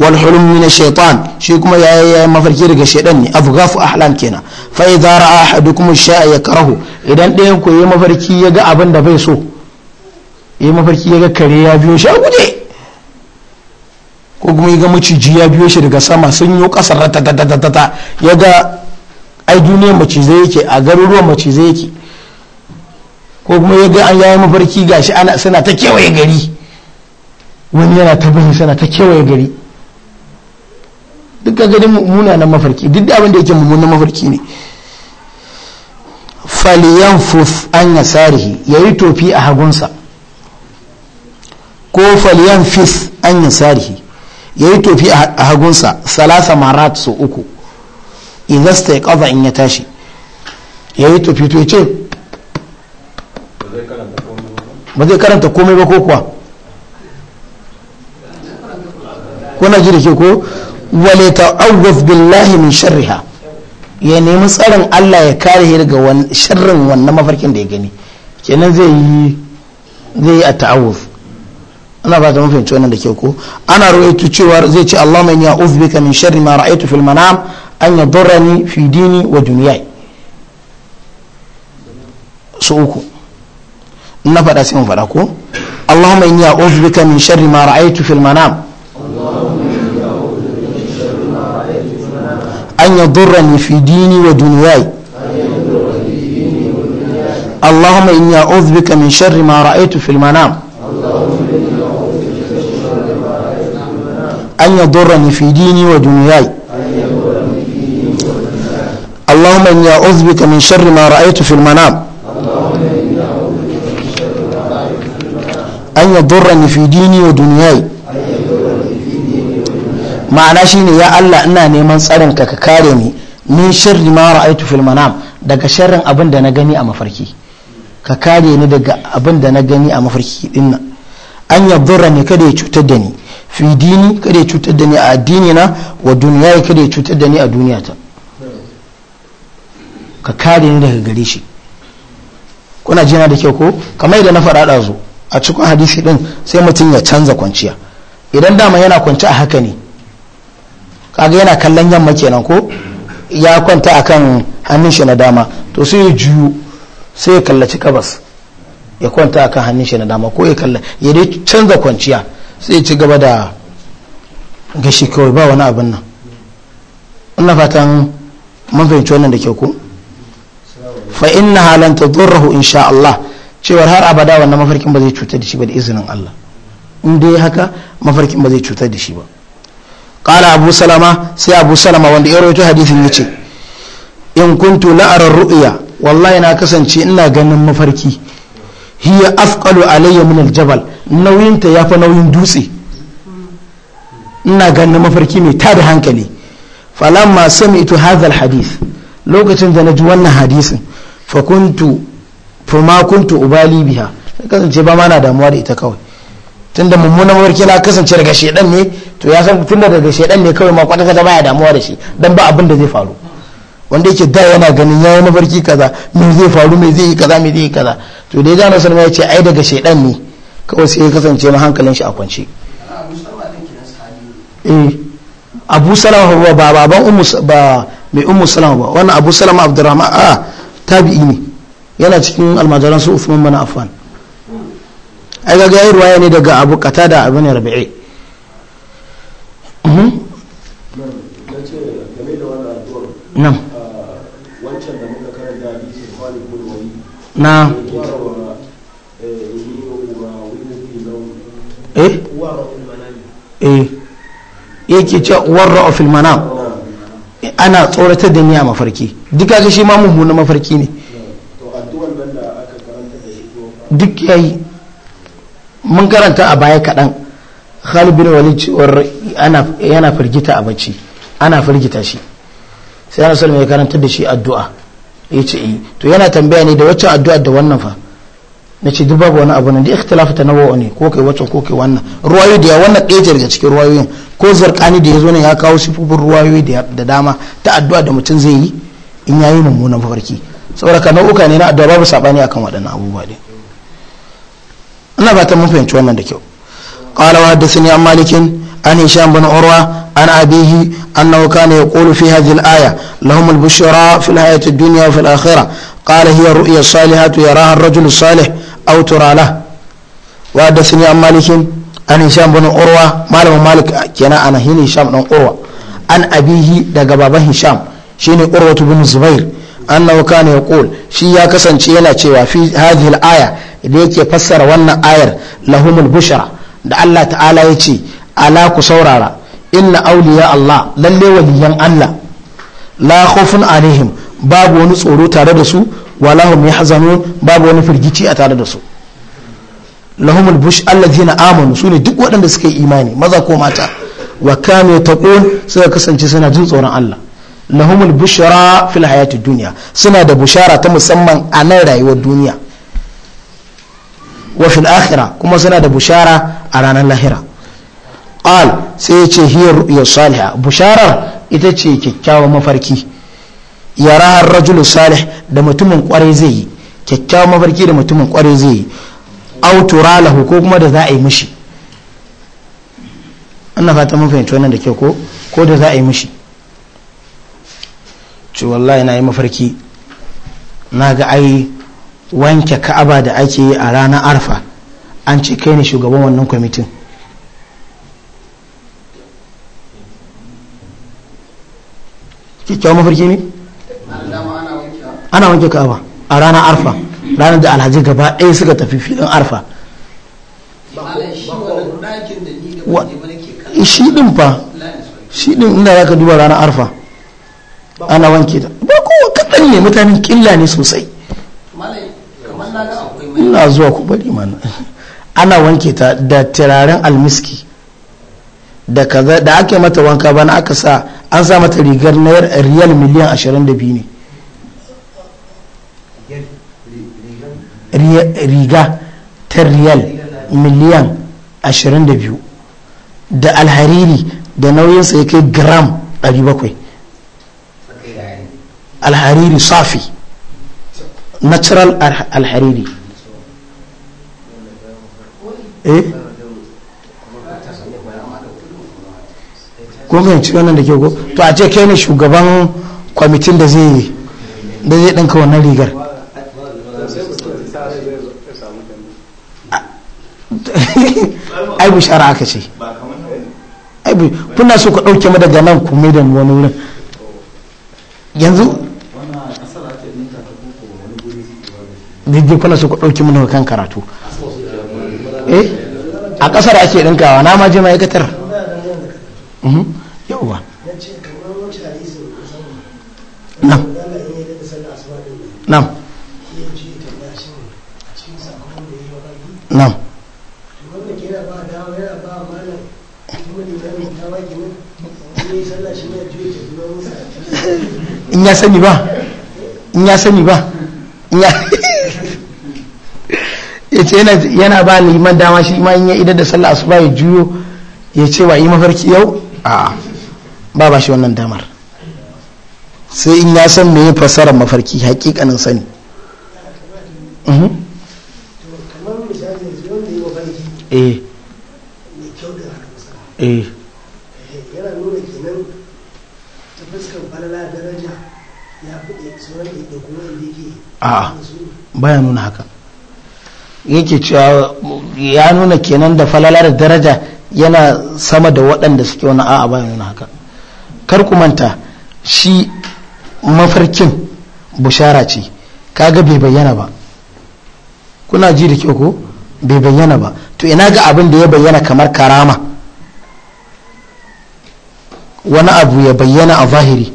wal hulum min shaytan shi kuma yayi mafarki daga shaydan ne afghafu ahlam kenan fa idza ra'a ahadukum shay'a yakrahu idan ɗayan ku yayi mafarki ya ga abin da bai so yayi mafarki ya kare ya biyo shi a guje ko kuma ga maciji ya biyo shi daga sama sun yi kasar ratatatatata ya ga ai duniyar macizai yake a garuruwan macizai yake ko kuma ya ga an yayi mafarki gashi ana suna ta kewaye gari wani yana ta bayi suna ta kewaye gari duk ga gani munanan mafarki duk da abin da yake mummunan mafarki ne Faliyan fuf an ya yayi tofi a hagunsa ko faliyan fis an sarihi. ya yi tofi a hagunsa salasa marat so uku idan ya kaza in ya tashi ya yi tofi to ce ba zai karanta komai ba ko kuwa kuna ji da ke ko wale ta'awwaz billahi min sharriha ya nemi tsarin Allah ya kare shi daga sharrin wannan mafarkin da ya gani kenan zai yi zai yi a ta'awuz ana ba ta mafinci wannan da ke ko ana rawaito cewa zai ce Allah mai ya uzbika min sharri ma ra'aytu fil manam an ni fi dini wa dunyai su uku na faɗa sai mun faɗa ko Allahumma inni a'udhu bika min sharri ma ra'aytu fil manam an ni fi dini wa dunyai Allahumma inni a'udhu bika min sharri ma ra'aytu fil manam أن يضرني في ديني ودنياي اللهم إني أعوذ بك من شر ما رأيت في المنام أن يضرني في ديني ودنياي ma'ana shine ya Allah ina neman tsarin ka kare ni min sharri ma ra'aitu fil manam daga sharrin abin da na gani a mafarki ka kare ni daga abin da na gani a mafarki dinnan an yadurra ne kada ya cutar da ni fi dini kada ya cutar da ni a addini na wa duniya kada ya cutar da ni a duniyata ka kare ni daga gare shi kuna jina da kyau ko kamar idan na faɗa ɗazu a cikin hadisi din sai mutum ya canza kwanciya idan dama yana kwanci a haka ne kaga yana kallon yamma kenan ko ya kwanta akan hannun shi na dama to sai ya juyo sai ya kallaci kabas ya kwanta akan hannun shi na dama ko ya kalla ya dai canza kwanciya sai ci gaba da gashi kawai ba wani abin nan ina fatan mun fahimci wannan da ke ku fa inna halan tadurruhu insha Allah cewar har abada wannan mafarkin ba zai cutar da shi ba da izinin Allah in dai haka mafarkin ba zai cutar da shi ba qala abu salama sai abu salama wanda ya rawaito hadisin ce. in kuntu la ru'ya wallahi na kasance ina ganin mafarki hiya afqalu alayya min aljabal nauyinta ya fa nauyin dutse ina ganin mafarki mai tada hankali falamma sami'tu hadha alhadith lokacin da naji wannan hadisin fa kuntu fa ma kuntu ubali biha kasance ba ma na damuwa da ita kawai tunda mummunan mafarki na kasance daga shedan ne to ya san tunda daga shedan ne kawai ma kwata kwata baya damuwa da shi dan ba abin da zai faru wanda yake da yana ganin yayi mafarki kaza me zai faru me zai yi kaza me zai yi kaza to dai zama sanarwa ya ce ai daga shaidan ne kawai sai ya kasance ma hankalin shi a kwance abu salama eh, ba ba baban ummu ba mai ummu salama ba wannan abu salama abdurrahman a ah, tabi'i ne yana cikin almajiran su usman mana affan ai ga gayar ruwaya ne daga abu kata da abu ne rabi'i mhm. na wancan da muka karanta na eh eh yake cewa warra fil manam ana tsoratar da ni a mafarki duka ga shi ma mummunan mafarki ne duk yayi mun karanta a baya kaɗan Khalid wani Walid cewar yana firgita a bacci ana firgita shi sai ana sallallahu ya karanta da shi addu'a yace eh to yana tambaya ne da wacce addu'a da wannan fa na ce babu wani abu nan da ikhtilafu tanawwu ne ko kai wacce ko kai wannan ruwayo da ya wannan ɗaya daga cikin ruwayoyin ko zarkani da ya zo ne ya kawo sifofin ruwayo da dama ta addu'a da mutum zai yi in ya yayi mummunan farki saboda nau'uka ne na addu'a babu sabani akan waɗannan abubuwa ne ina fatan mun fahimci wannan da kyau qala wa hadathani an malikin an hisham bin urwa an abihi annahu kana yaqulu fi hadhihi aya lahum bishiyar bushra fi al-hayati ad-dunya wa fi al-akhirah qala hiya ru'ya salihatu yaraha ar-rajulu salih aw turala wa da sun an malikin an hisham bin urwa malamin malik kenan ana hin hisham dan urwa an abihi daga baban hisham shine urwa tu bin zubair annahu kana yaqul shi ya kasance yana cewa fi hadhihi aya da yake fassara wannan ayar lahumul bushara da Allah ta'ala ya ce ala ku saurara inna awliya Allah lalle waliyan Allah la khawfun alaihim babu wani tsoro tare da su walahum yahzanun babu wani firgici a tare da su lahumul bush allazina amanu sune duk waɗanda suka yi imani maza ko mata wa kanu taqun suka kasance suna jin tsoron Allah lahumul bushra fil hayati dunya suna da bushara ta musamman a nan rayuwar duniya wa fil akhirah kuma suna da bushara a ranar lahira qal sai ya ce hiya ru'ya salihah busharar ita ce kyakkyawan mafarki ya rahar rajulu salih da mutumin kwarai zai yi kyakkyawan mafarki da mutumin kwarai zai yi autura lahu ko kuma da za a yi mishi ana fata mun fahimci wannan da ke ko ko da za a yi mishi to wallahi na yi mafarki na ga ai wanke ka'aba da ake yi a ranar arfa an ce kai ne shugaban wannan kwamitin kyakkyawan mafarki ne ana wanke ka'aba a ranar arfa ranar da alhaji gaba ɗaya suka tafi filin arfa shi ɗin fa shi ɗin inda za ka duba ranar arfa ana wanke ta ba kowa kaɗan ne mutanen ƙilla ne sosai ina zuwa ku bari mana ana wanke ta da turaren almiski da kaza da ake mata wanka bana aka sa an sa mata rigar na riyal miliyan 22 ne riga ta riyal miliyan 22 da alhariri da nauyinsa ya kai gram 700 alhariri safi natural alhariri eh ko wannan da ke go to a ce kai ne shugaban kwamitin da zai da zai ɗinka wannan rigar ai shara aka ce kuna so ku ɗauke mu daga nan ku mai da wani wurin yanzu ji kuna so ku ɗauke mu kan karatu eh a kasar ake ɗinkawa na ma je ma'aikatar mhm. yawwa nan nan nan in ya sani ba in ya sani ba ya ce yana ba liman dama shi iman ya idar da sallah ba ya juyo ya ce wa yi mafarki yau a ba ba shi wannan damar sai in ya san me fasarar mafarki hakikanin sani mhm. eh eh a baya nuna haka yake cewa ya nuna kenan da falalar daraja yana sama da waɗanda suke wani a'a baya nuna haka kar ku manta shi mafarkin bushara ce kaga bai bayyana ba kuna ji da kyau ko bai bayyana ba to ina ga abin da ya bayyana kamar karama wani abu ya bayyana a zahiri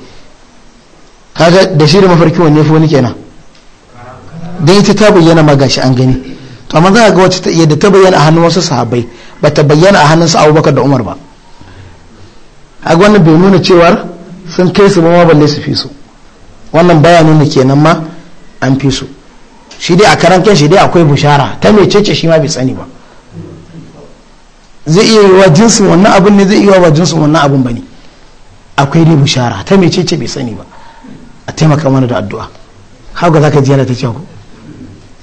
kaga da shi da mafarki wanne fi wani kenan dan ita ta bayyana ma gashi an gani to amma za ga wacce yadda ta bayyana a hannun wasu sahabbai ba ta bayyana a hannun su Abubakar da Umar ba a wannan bai nuna cewar sun kai su ma balle su fi su wannan baya nuna kenan ma an fi su shi dai a karan kan shi dai akwai bushara ta cece shi ma bai sani ba zai iya wa jinsin wannan abin ne zai iya wa jinsin wannan abin bane akwai dai bushara ta cece bai sani ba a taimaka mana da addu'a haka zaka ji yana ta cewa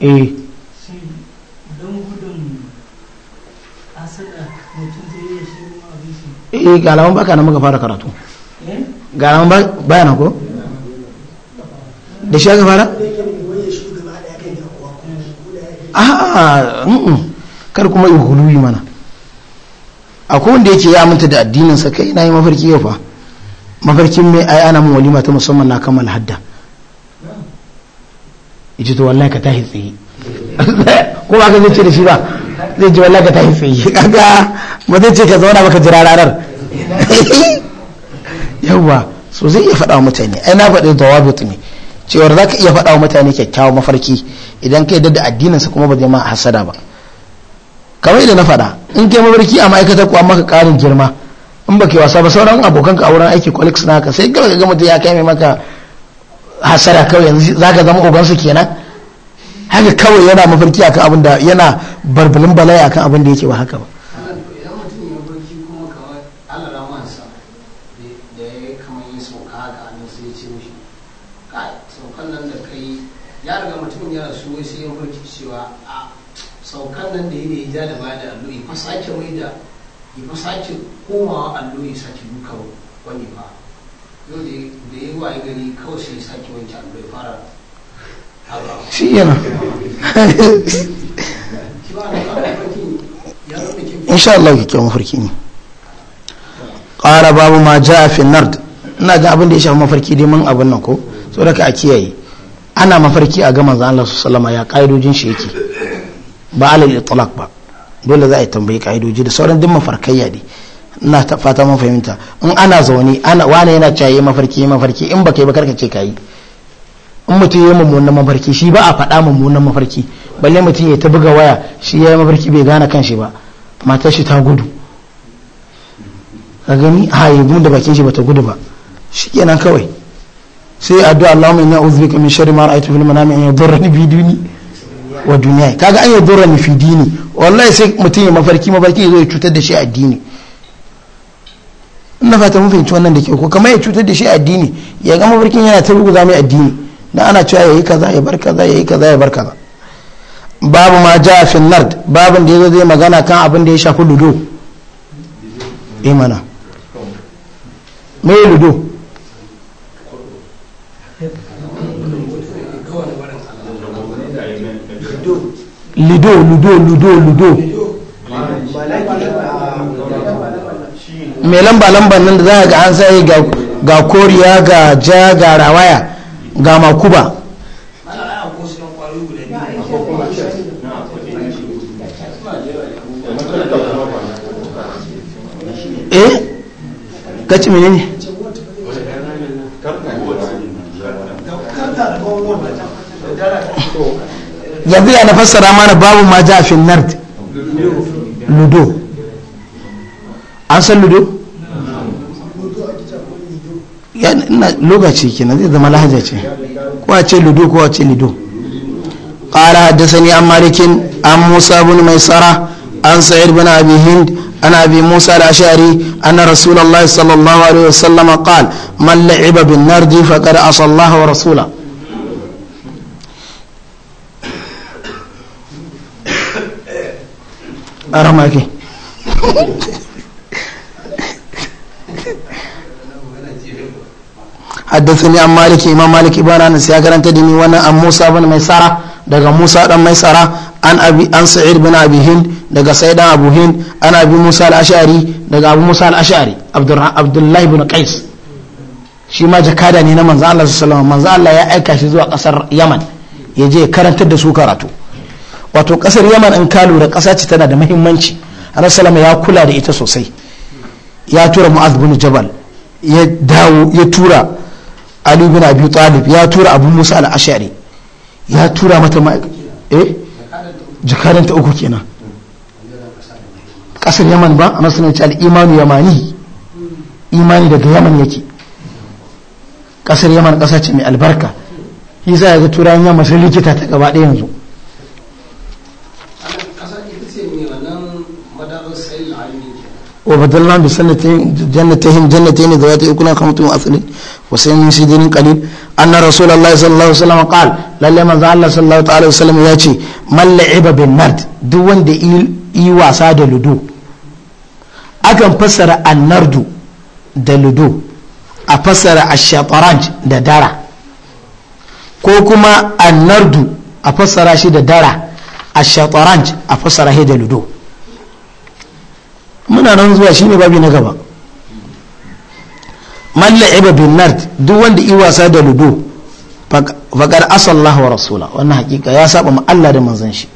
eh eh ga alamun baka na muka fara karatu eh? ga alamun bayana ko da shi aka fara a'a kar kuma ihuluwi mana a kowanda yake ya mutu da addinin sa kai na yi mafarki yau fa mafarkin mai ai ana mun walima ta musamman na kammala hadda yace to wallahi ka tahi tsaye ko ba ka zai ce da shi ba zai ji wallahi ka tahi tsaye kaga ba zai ce ka zauna baka jira ranar yawa so zai iya faɗa wa mutane ai na faɗi wabi ne cewar za ka iya faɗa wa mutane kyakkyawan mafarki idan ka yadda da addininsa kuma ba zai ma hasada ba kamar yadda na faɗa in kai mafarki a ma'aikatar ku maka ƙarin girma in ba ke wasa ba sauran abokan ka a wurin aiki colleagues naka sai ka ga mutum ya kai mai maka hasara kawai yanzu za ka zama ubansu kenan haka kawai yana mafarki akan abin da yana barbalin bala'i akan abin da yake ba haka ba saukan nan da yi da ya ja da baya da allo ifa sake mai da fa sake komawa allo ya sake duka wani ba yau da ya zuwa gari kawai sai sake wanke abu ya fara shi yana insha Allah ki kyau mafarki ne ƙara babu ma ja fi nard ina ga abin da ya shafi mafarki dai mun abin nan ko so da ka a kiyaye ana mafarki a ga manzo Allah sallama ya kaidojin shi yake ba alal itlaq ba dole za a tambayi kaidoji da sauran duk mafarkaiya ne na fata mun fahimta in ana zaune ana wane yana cewa mafarki mafarki in baka yi ba karka ce yi in mutum mun mummunan mafarki shi ba a faɗa mummunan mafarki balle mutum ya ta buga waya shi ya yi mafarki bai gane kan shi ba matar shi ta gudu ka gani gudu da bakin shi ba ta gudu ba shi kenan kawai sai addu'a Allahumma inna uzbika min sharri ma ra'aytu fil manami an yadurrani bi dini wa dunyaya kaga an yadurrani fi dini wallahi sai mutum ya mafarki mafarki zai cutar da shi a addini ina fata mun fahimci wannan da ke ko kamar ya cutar da shi addini ya ga mafarkin yana ta ruguza mai addini na ana cewa yi kaza ya bar kaza yi kaza ya bar kaza babu ma ja a finland babin da zo zai magana kan abin da ya shafi ludo imana eh, mai ludo lido ludo ludo ludo mai lamba lamba nan da za a ga an sai ga koriya ga ja ga rawaya ga makuba eh kaci mene ne yanzu ya na fassara mana babu ma ja fin nard ludo an san ludo ina lokaci kenan zai zama lahaja ce ko ce ludo ko ce lido qala haddathani an malikin an musa an sayar ibn abi hind an abi musa da ashari anna rasulullahi sallallahu alaihi bin wa rasula haddathani an maliki imam maliki ibn anas siya karanta da ni wannan an musa bin tsara daga musa dan mai tsara an abi an sa'id bin abi hin daga sa'id dan abu hin an abi musa al-ash'ari daga abu musa al-ash'ari abdullahi bin qais shi ma jakada ne na manzo Allah sallallahu alaihi wasallam Allah ya aika shi zuwa kasar Yaman ya je karantar da su karatu wato kasar Yaman in ka da kasa ce tana da mahimmanci Annabi sallallahu ya kula da ita sosai ya tura Mu'adh bin Jabal ya dawo ya tura ali bin abi talib ya tura abu musa al-ashari ya tura mata ma eh jakadan ta uku kenan kasar yaman ba a masana ce al-imanu yamani imani daga yaman yake kasar yaman kasa ce mai albarka shi za ga turawan yamma sun likita ta gaba ɗaya yanzu وبدلنا بسنتين جنتهم جنتين ذوات اكل خمط واصل وسن من سدر قليل ان رسول الله صلى الله عليه وسلم قال لله من الله صلى الله عليه وسلم ياتي من لعب بالنرد duk wanda yi wasa da ludo akan fassara annardu da ludo a fassara ashataranj da dara ko kuma annardu a fassara shi da dara ashataranj a fassara shi da ludo muna nan zuwa shine babi na gaba Malla iba bin nard duk wanda yi wasa da ludo faqad asallahu wa rasula wannan hakika ya saba ma Allah da manzon shi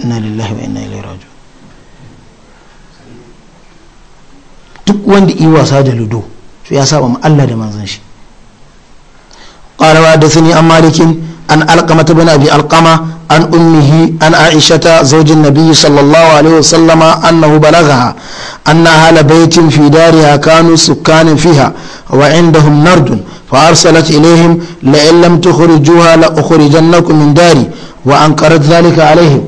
inna lillahi wa inna ilaihi raji'un duk wanda yi wasa da ludo to ya saba ma Allah da manzon shi qala da sani an malikin an ta bana bi alƙama. عن أمه عن عائشة زوج النبي صلى الله عليه وسلم أنه بلغها أن أهل بيت في دارها كانوا سكان فيها وعندهم نرد فأرسلت إليهم لئن لم تخرجوها لأخرجنكم من داري وأنكرت ذلك عليهم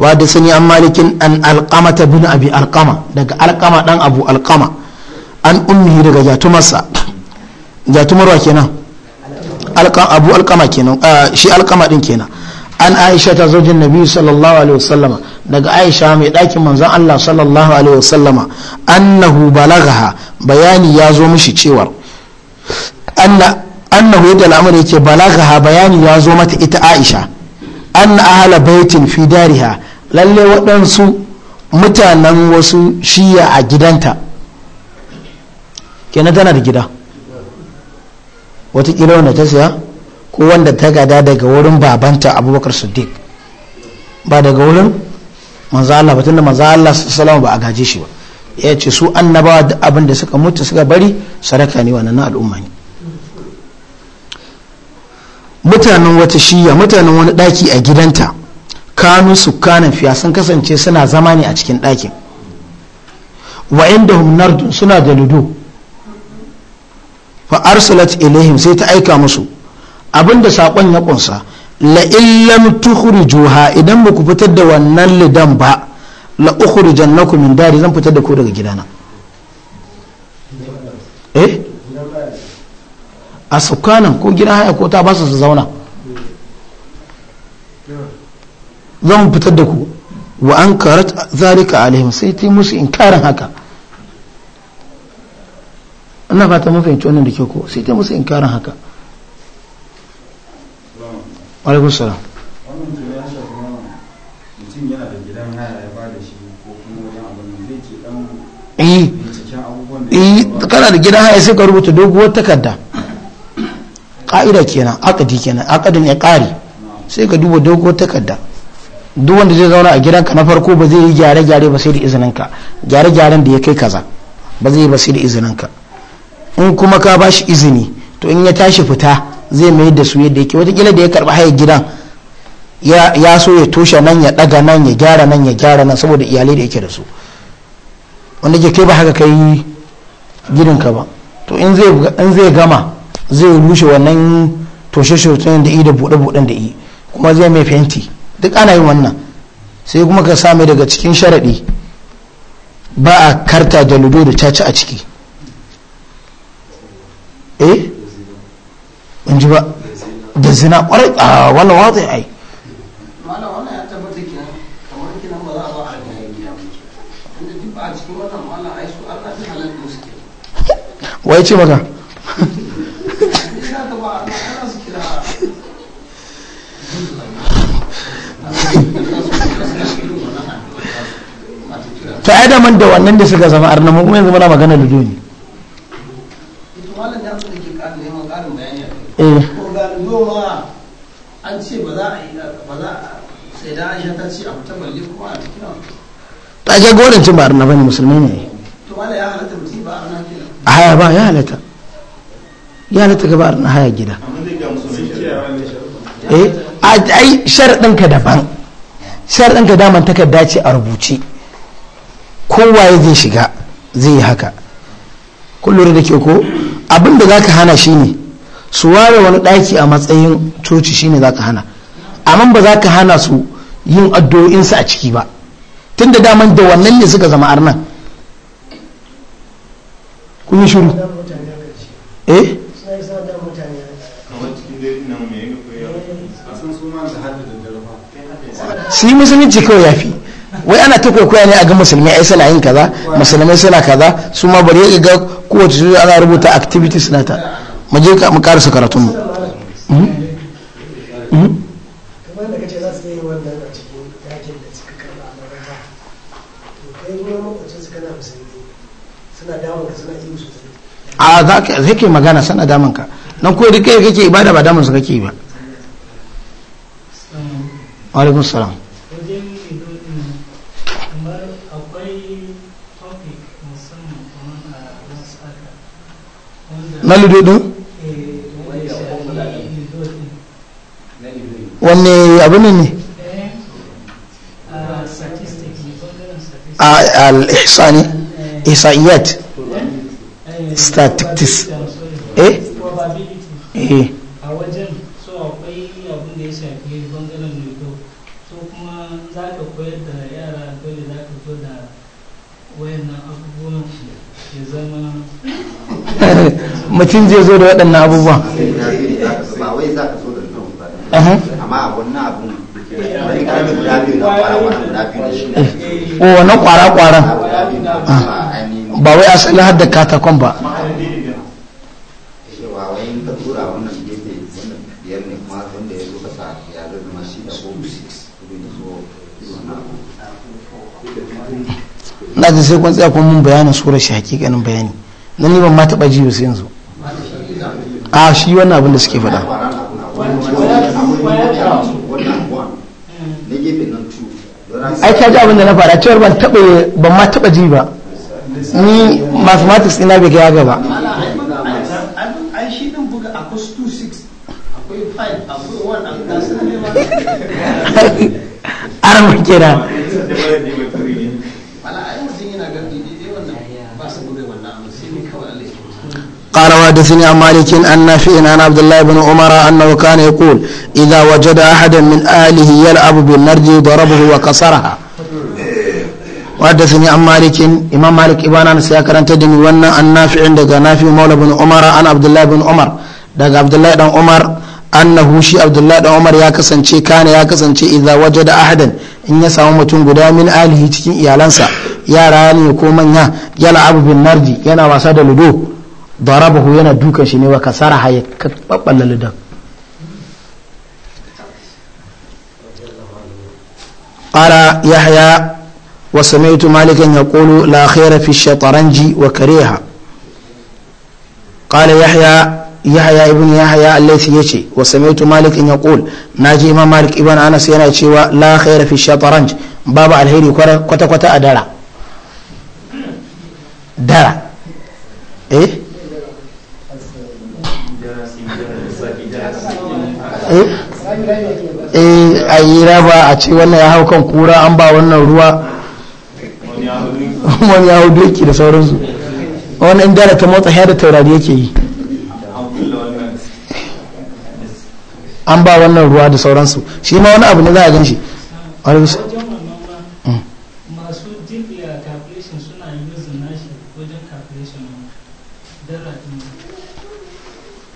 وحدثني عن مالك أن ألقمة بن أبي ألقمة دق ألقمة دان أبو ألقمة أن أمه دق جاتمسا جاتمروا كنا ألقم أبو ألقمة كنا آه شي ألقمة دين كنا an aisha ta zojin nabi sallallahu alaihi wasallama daga aisha mai ɗakin manzon Allah sallallahu alaihi wasallama annahu balagaha bayani ya zo mishi cewar annahu yadda al'amari yake balagaha bayani ya zo mata ita aisha an ahala baitin fi dariha lalle waɗansu mutanen wasu shiya a gidanta kenan tana da gida watakila wanda ta siya ko wanda ta gada daga wurin babanta abubakar siddiq ba daga wurin manzo Allah ba tunda manzo Allah sallallahu ba a gaje shi ba ya ce su annabawa da abin da suka mutu suka bari saraka ne wannan na al'umma ne mutanen wata shiya mutanen wani daki a gidanta kanu kanan fiya sun kasance suna zama ne a cikin dakin wa inda nardun suna da ludo fa arsalat ilaihim sai ta aika musu abinda sakon ya kunsa la illam tukhrijuha idan ba ku fitar da wannan lidan ba la ukhrijannakum min dari zan fitar da ku daga gidana eh a sukanan ko gidan haya ko ta ba su zauna zan fitar da ku wa an karat zalika alaihim sai ta musu inkarin haka ina fata mun fahimci wannan da ke ko sai ta musu inkarin haka alaikun salam wannan to ya shafi mutum da gidan haya ya eh, eh kana da gidan haya sai ka rubuta doguwar takarda ka'ida kenan akadi kenan akadin ya kare sai ka duba doguwar takarda duk wanda zai zauna a gidanka na farko ba zai yi gyare-gyare ba sai da izininka gyare-gyaren da ya kai kaza ba zai yi ba sai da izininka in kuma ka bashi izini to in ya tashi fita zai mai da su yadda yake watakila da ya karba haya gidan ya so ya toshe nan ya daga nan ya gyara nan ya gyara nan saboda iyalai da yake da su wanda ke kai ba haka kai gidanka ba to in zai gama zai rushe wannan toshe shotun da i da buɗe buɗen da yi kuma zai mai fenti duk ana yin wannan sai kuma ka same daga cikin sharaɗi ba a karta da ludo da caci a ciki eh in ji ba da zina kwarai a wala wata ai wai ce maka ta da wannan da suka zama arna yanzu muna magana da duniya Eh. noma an ba za a yi ba ta ce a fita balle kuma ba ne bane musulmi ne a haya ba ya halatta ya halatta ga ba arna haya gida eh ai sharadin daban sharadin ka daman takarda ce a rubuce kowaye zai shiga zai yi haka kullum da ke ko abinda za ka hana shi ne su ware wani ɗaki a matsayin coci shine za ka hana amma ba za ka hana su yin addu'o'insu a ciki ba tun da daman da wannan ne suka zama arnan kun yi shuru eh su yi musulunci kawai ya fi wai ana ta kwaikwaya ne a ga musulmi ai suna yin kaza musulmai suna kaza su ma bari ya ga kowace ana rubuta activities na ta. mu je mu karasa karatun mu a za ka magana sana damun ka nan ko duk kai kake ibada ba damun su kake ba alaikum salam na ludodin wanne abu ne ne al-ihsani ihsaniyat statistics eh eh a wajen so akwai abin da ya shafi bangaren nuto so kuma za ka koyar da yara dole za ka zo da wayannan abubuwan ya zama mutum zai zo da waɗannan abubuwan amma wannan na kwara kwara guda biyu da shi ba wai asali har katakon ba na ji sai kun tsaya mun bayanin surar shi hakikanin bayani na ni ban ma taɓa ji sai yanzu a shi wannan abin da suke faɗa ai ka ji abin da na fara cewar ban taba ban ma taba ji ba ni mathematics ina bai gaya gaba shi قال وحدثني عن مالك أن نافع عن عبد الله بن عمر أنه كان يقول إذا وجد أحدا من أهله يلعب بالنرج ضربه وكسرها وحدثني عن مالك إمام مالك إبان أنس يا كرنت دمي وانا النافع عندك نافع مولى بن عمر عن عبد الله بن عمر daga abdullahi dan umar annahu shi abdullahi dan umar ya kasance kana ya kasance idza wajada ahadan in ya samu mutum guda min alihi cikin iyalansa yara ne ko manya abu bin Nardi yana wasa da ludo darabahu yana dukan shi ne wa kasara haya kakkaɓɓalla lidan ƙara ya haya wa samaitu malikan ya ƙolo la fi shataranji wa kareha ƙara ya haya ya haya ibin wa samaitu malikan ya ƙol na ji imam malik ibn anas yana cewa la khaira fi shataranji babu alheri kwata-kwata a dara eh? Eh? eh a yi raba a ce wannan ya hau kan kura an ba wannan ruwa wani ya hau doki da sauransu wani in dara ta motsa ya da taurari yake yi an ba wannan ruwa da sauransu shi ma wani abu ne za a gan shi mm.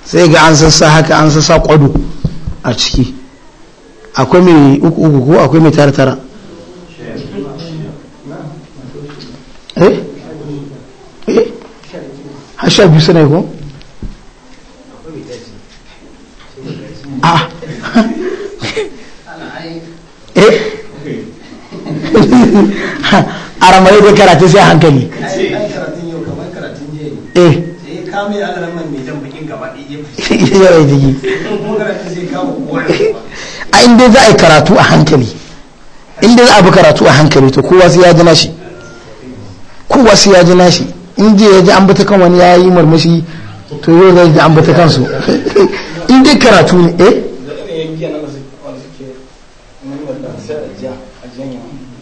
sai ga an sassa haka an sassa kwado a ciki akwai mai uku uku ko akwai mai tara tara eh, eh? sha biyu suna ko a ah. eh a hankali a inda za a yi karatu a hankali inda za a bi karatu a hankali to kowa sai ya ji nashi kowa sai ya ji nashi in je ya ji an bata kan wani ya yi marmashi to yau zai ji an bata kansu in dai karatu ne eh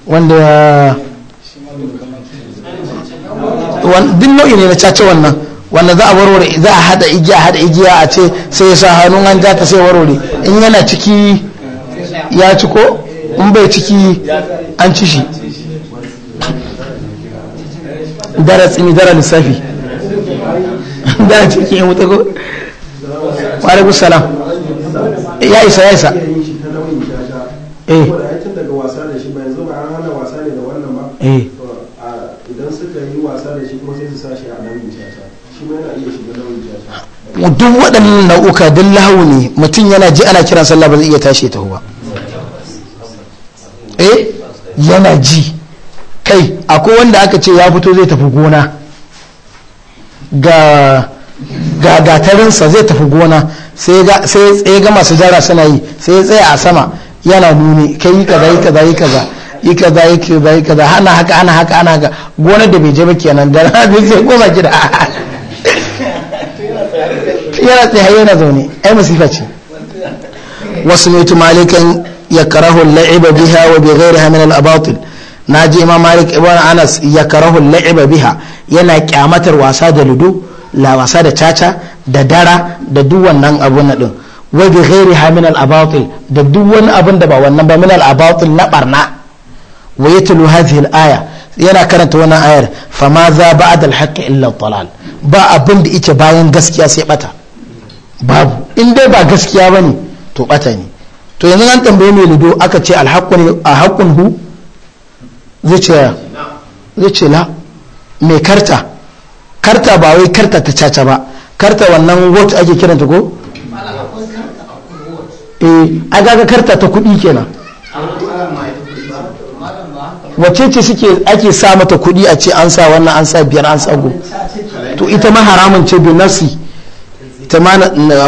wanda duk nau'i ne na caca wannan wanda za a warware za a hada igiya hada igiya a ce sai ya sa hannun an ja ta sai warware in yana ciki ya ci ko in bai ciki an ci shi dara tsini dara lissafi dara ciki ya wuta ko walaikun salam ya isa ya isa eh duk waɗannan nau'uka don lahu ne mutum yana ji ana kiran sallah ba zai iya tashi ta huwa. eh yana ji kai akwai wanda aka ce ya fito zai tafi gona ga gatarinsa zai tafi gona sai ya ga masu jara suna yi sai ya tsaya a sama yana nuni kai yi kaza yi kaza yi kaza yi kaza yi kaza yi kaza hana haka hana haka hana haka gonar da bai je ba kenan da rana bai sai koma gida yana tsaye yana zaune ai masifa ce wasu mutu malikan ya karahu la'iba biha wa bi ghairiha min al-abatil imam malik ibn anas ya karahu la'iba biha yana kyamatar wasa da ludo la wasa da caca da dara da duk wannan abun na din wa bi ghairiha min al-abatil da duk wani abun da ba wannan ba min al-abatil na barna wa yatlu hadhihi al-aya yana karanta wannan ayar fa ma za a dal haqq illa talal ba abin da yake bayan gaskiya sai bata babu in dai ba gaskiya bane to bata ne to yanzu an tambaye mai lido aka ce al ne a haƙƙun hu zai ce la mai karta karta ba wai karta ta caca ba karta wannan wot ake kiranta ko a eh, ga karta ta kuɗi kenan wace ce suke ake sa mata kuɗi a ce an sa wannan an sa biyar an sa goma to ita ma haramun ce bin nafsi ta ma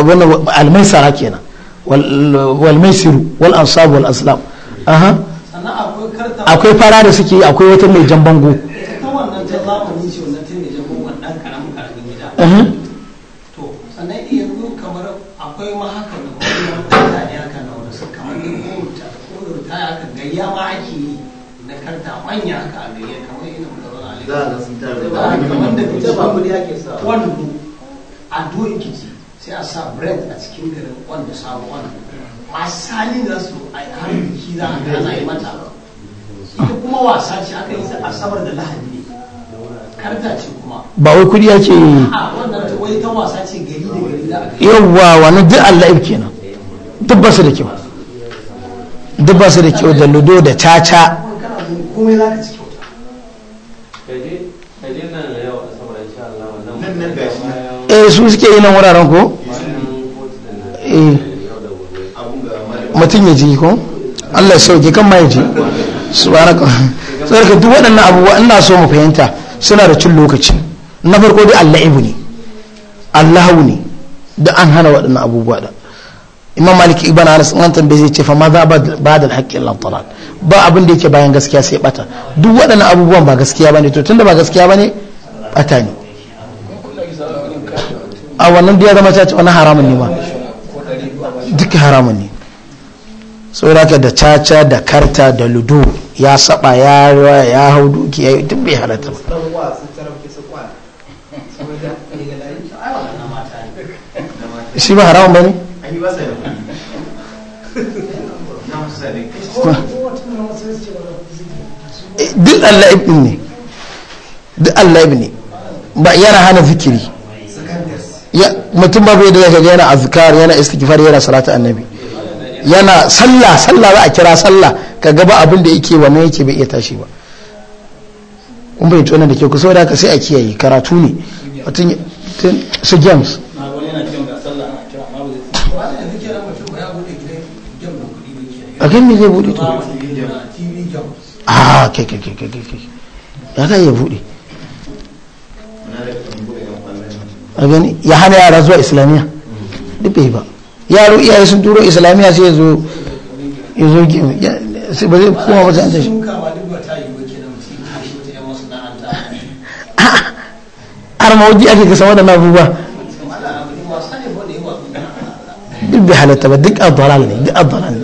wannan almaisara kenan wal maisiru wal ansab wal aslam aha akwai fara da suke akwai wata mai jan bango ita wannan ce wannan ta mai jan bango karamin karamin gida manya haka a gare kamar irin gaban alaihi za da da ba mu da sa wando a doyin kici sai a sa bread a cikin garin wanda sabo wanda masali da su a har biki za a ana yi mata ita kuma wasa ce aka yi ta asabar da lahadi ne karta ce kuma ba wai kudi ya ce a wannan ta ta wasa ce gari da gari za a yawwa wani duk Allah ibke nan duk ba su da kyau duk ba su da kyau da ludo da caca komai za ka ci kyauta eh, su suke yi nan wuraren ko eh. mutum ya ji ko Allah ya sauke kan ma ya ji subhanaka tsarka duk waɗannan abubuwa ina so mu fahimta suna da cin lokaci na farko dai Allah ibu ne Allah ne da an hana waɗannan abubuwa da imam malik ibn anas in an tambaye zai ce fa ma za ba da haƙƙi illa talal ba abin da yake bayan gaskiya sai bata duk waɗannan abubuwan ba gaskiya bane to tunda ba gaskiya bane bata ne a wannan da ya zama caci wani haramun ne ma duk haramun ne tsoraka da caca da karta da ludo ya saba ya rawa ya hau duki ya yi duk bai halatta ba shi ba haramun ba ne tsofaffi ba sa duk Allah ibn ne duk Allah ibn ne ba yana hana zikiri mutum ba bai da zaka yana azkar yana istighfar yana salatu annabi yana sallah sallah za a kira sallah ka gaba abin da yake wannan yake bai iya tashi ba kun bai tona da ke ku saboda ka sai a kiyaye karatu ne mutum su james akan zai bude to a kai kai kai kai ya za ya bude a gani ya hana yara zuwa islamiyya duk bai ba yaro iyaye sun turo islamiyya sai ya zo ya zo sai ba zai kuma wata an tashi har mawaji ake kasa waɗannan abubuwa duk bai halatta ba duk abdalal ne duk abdalal ne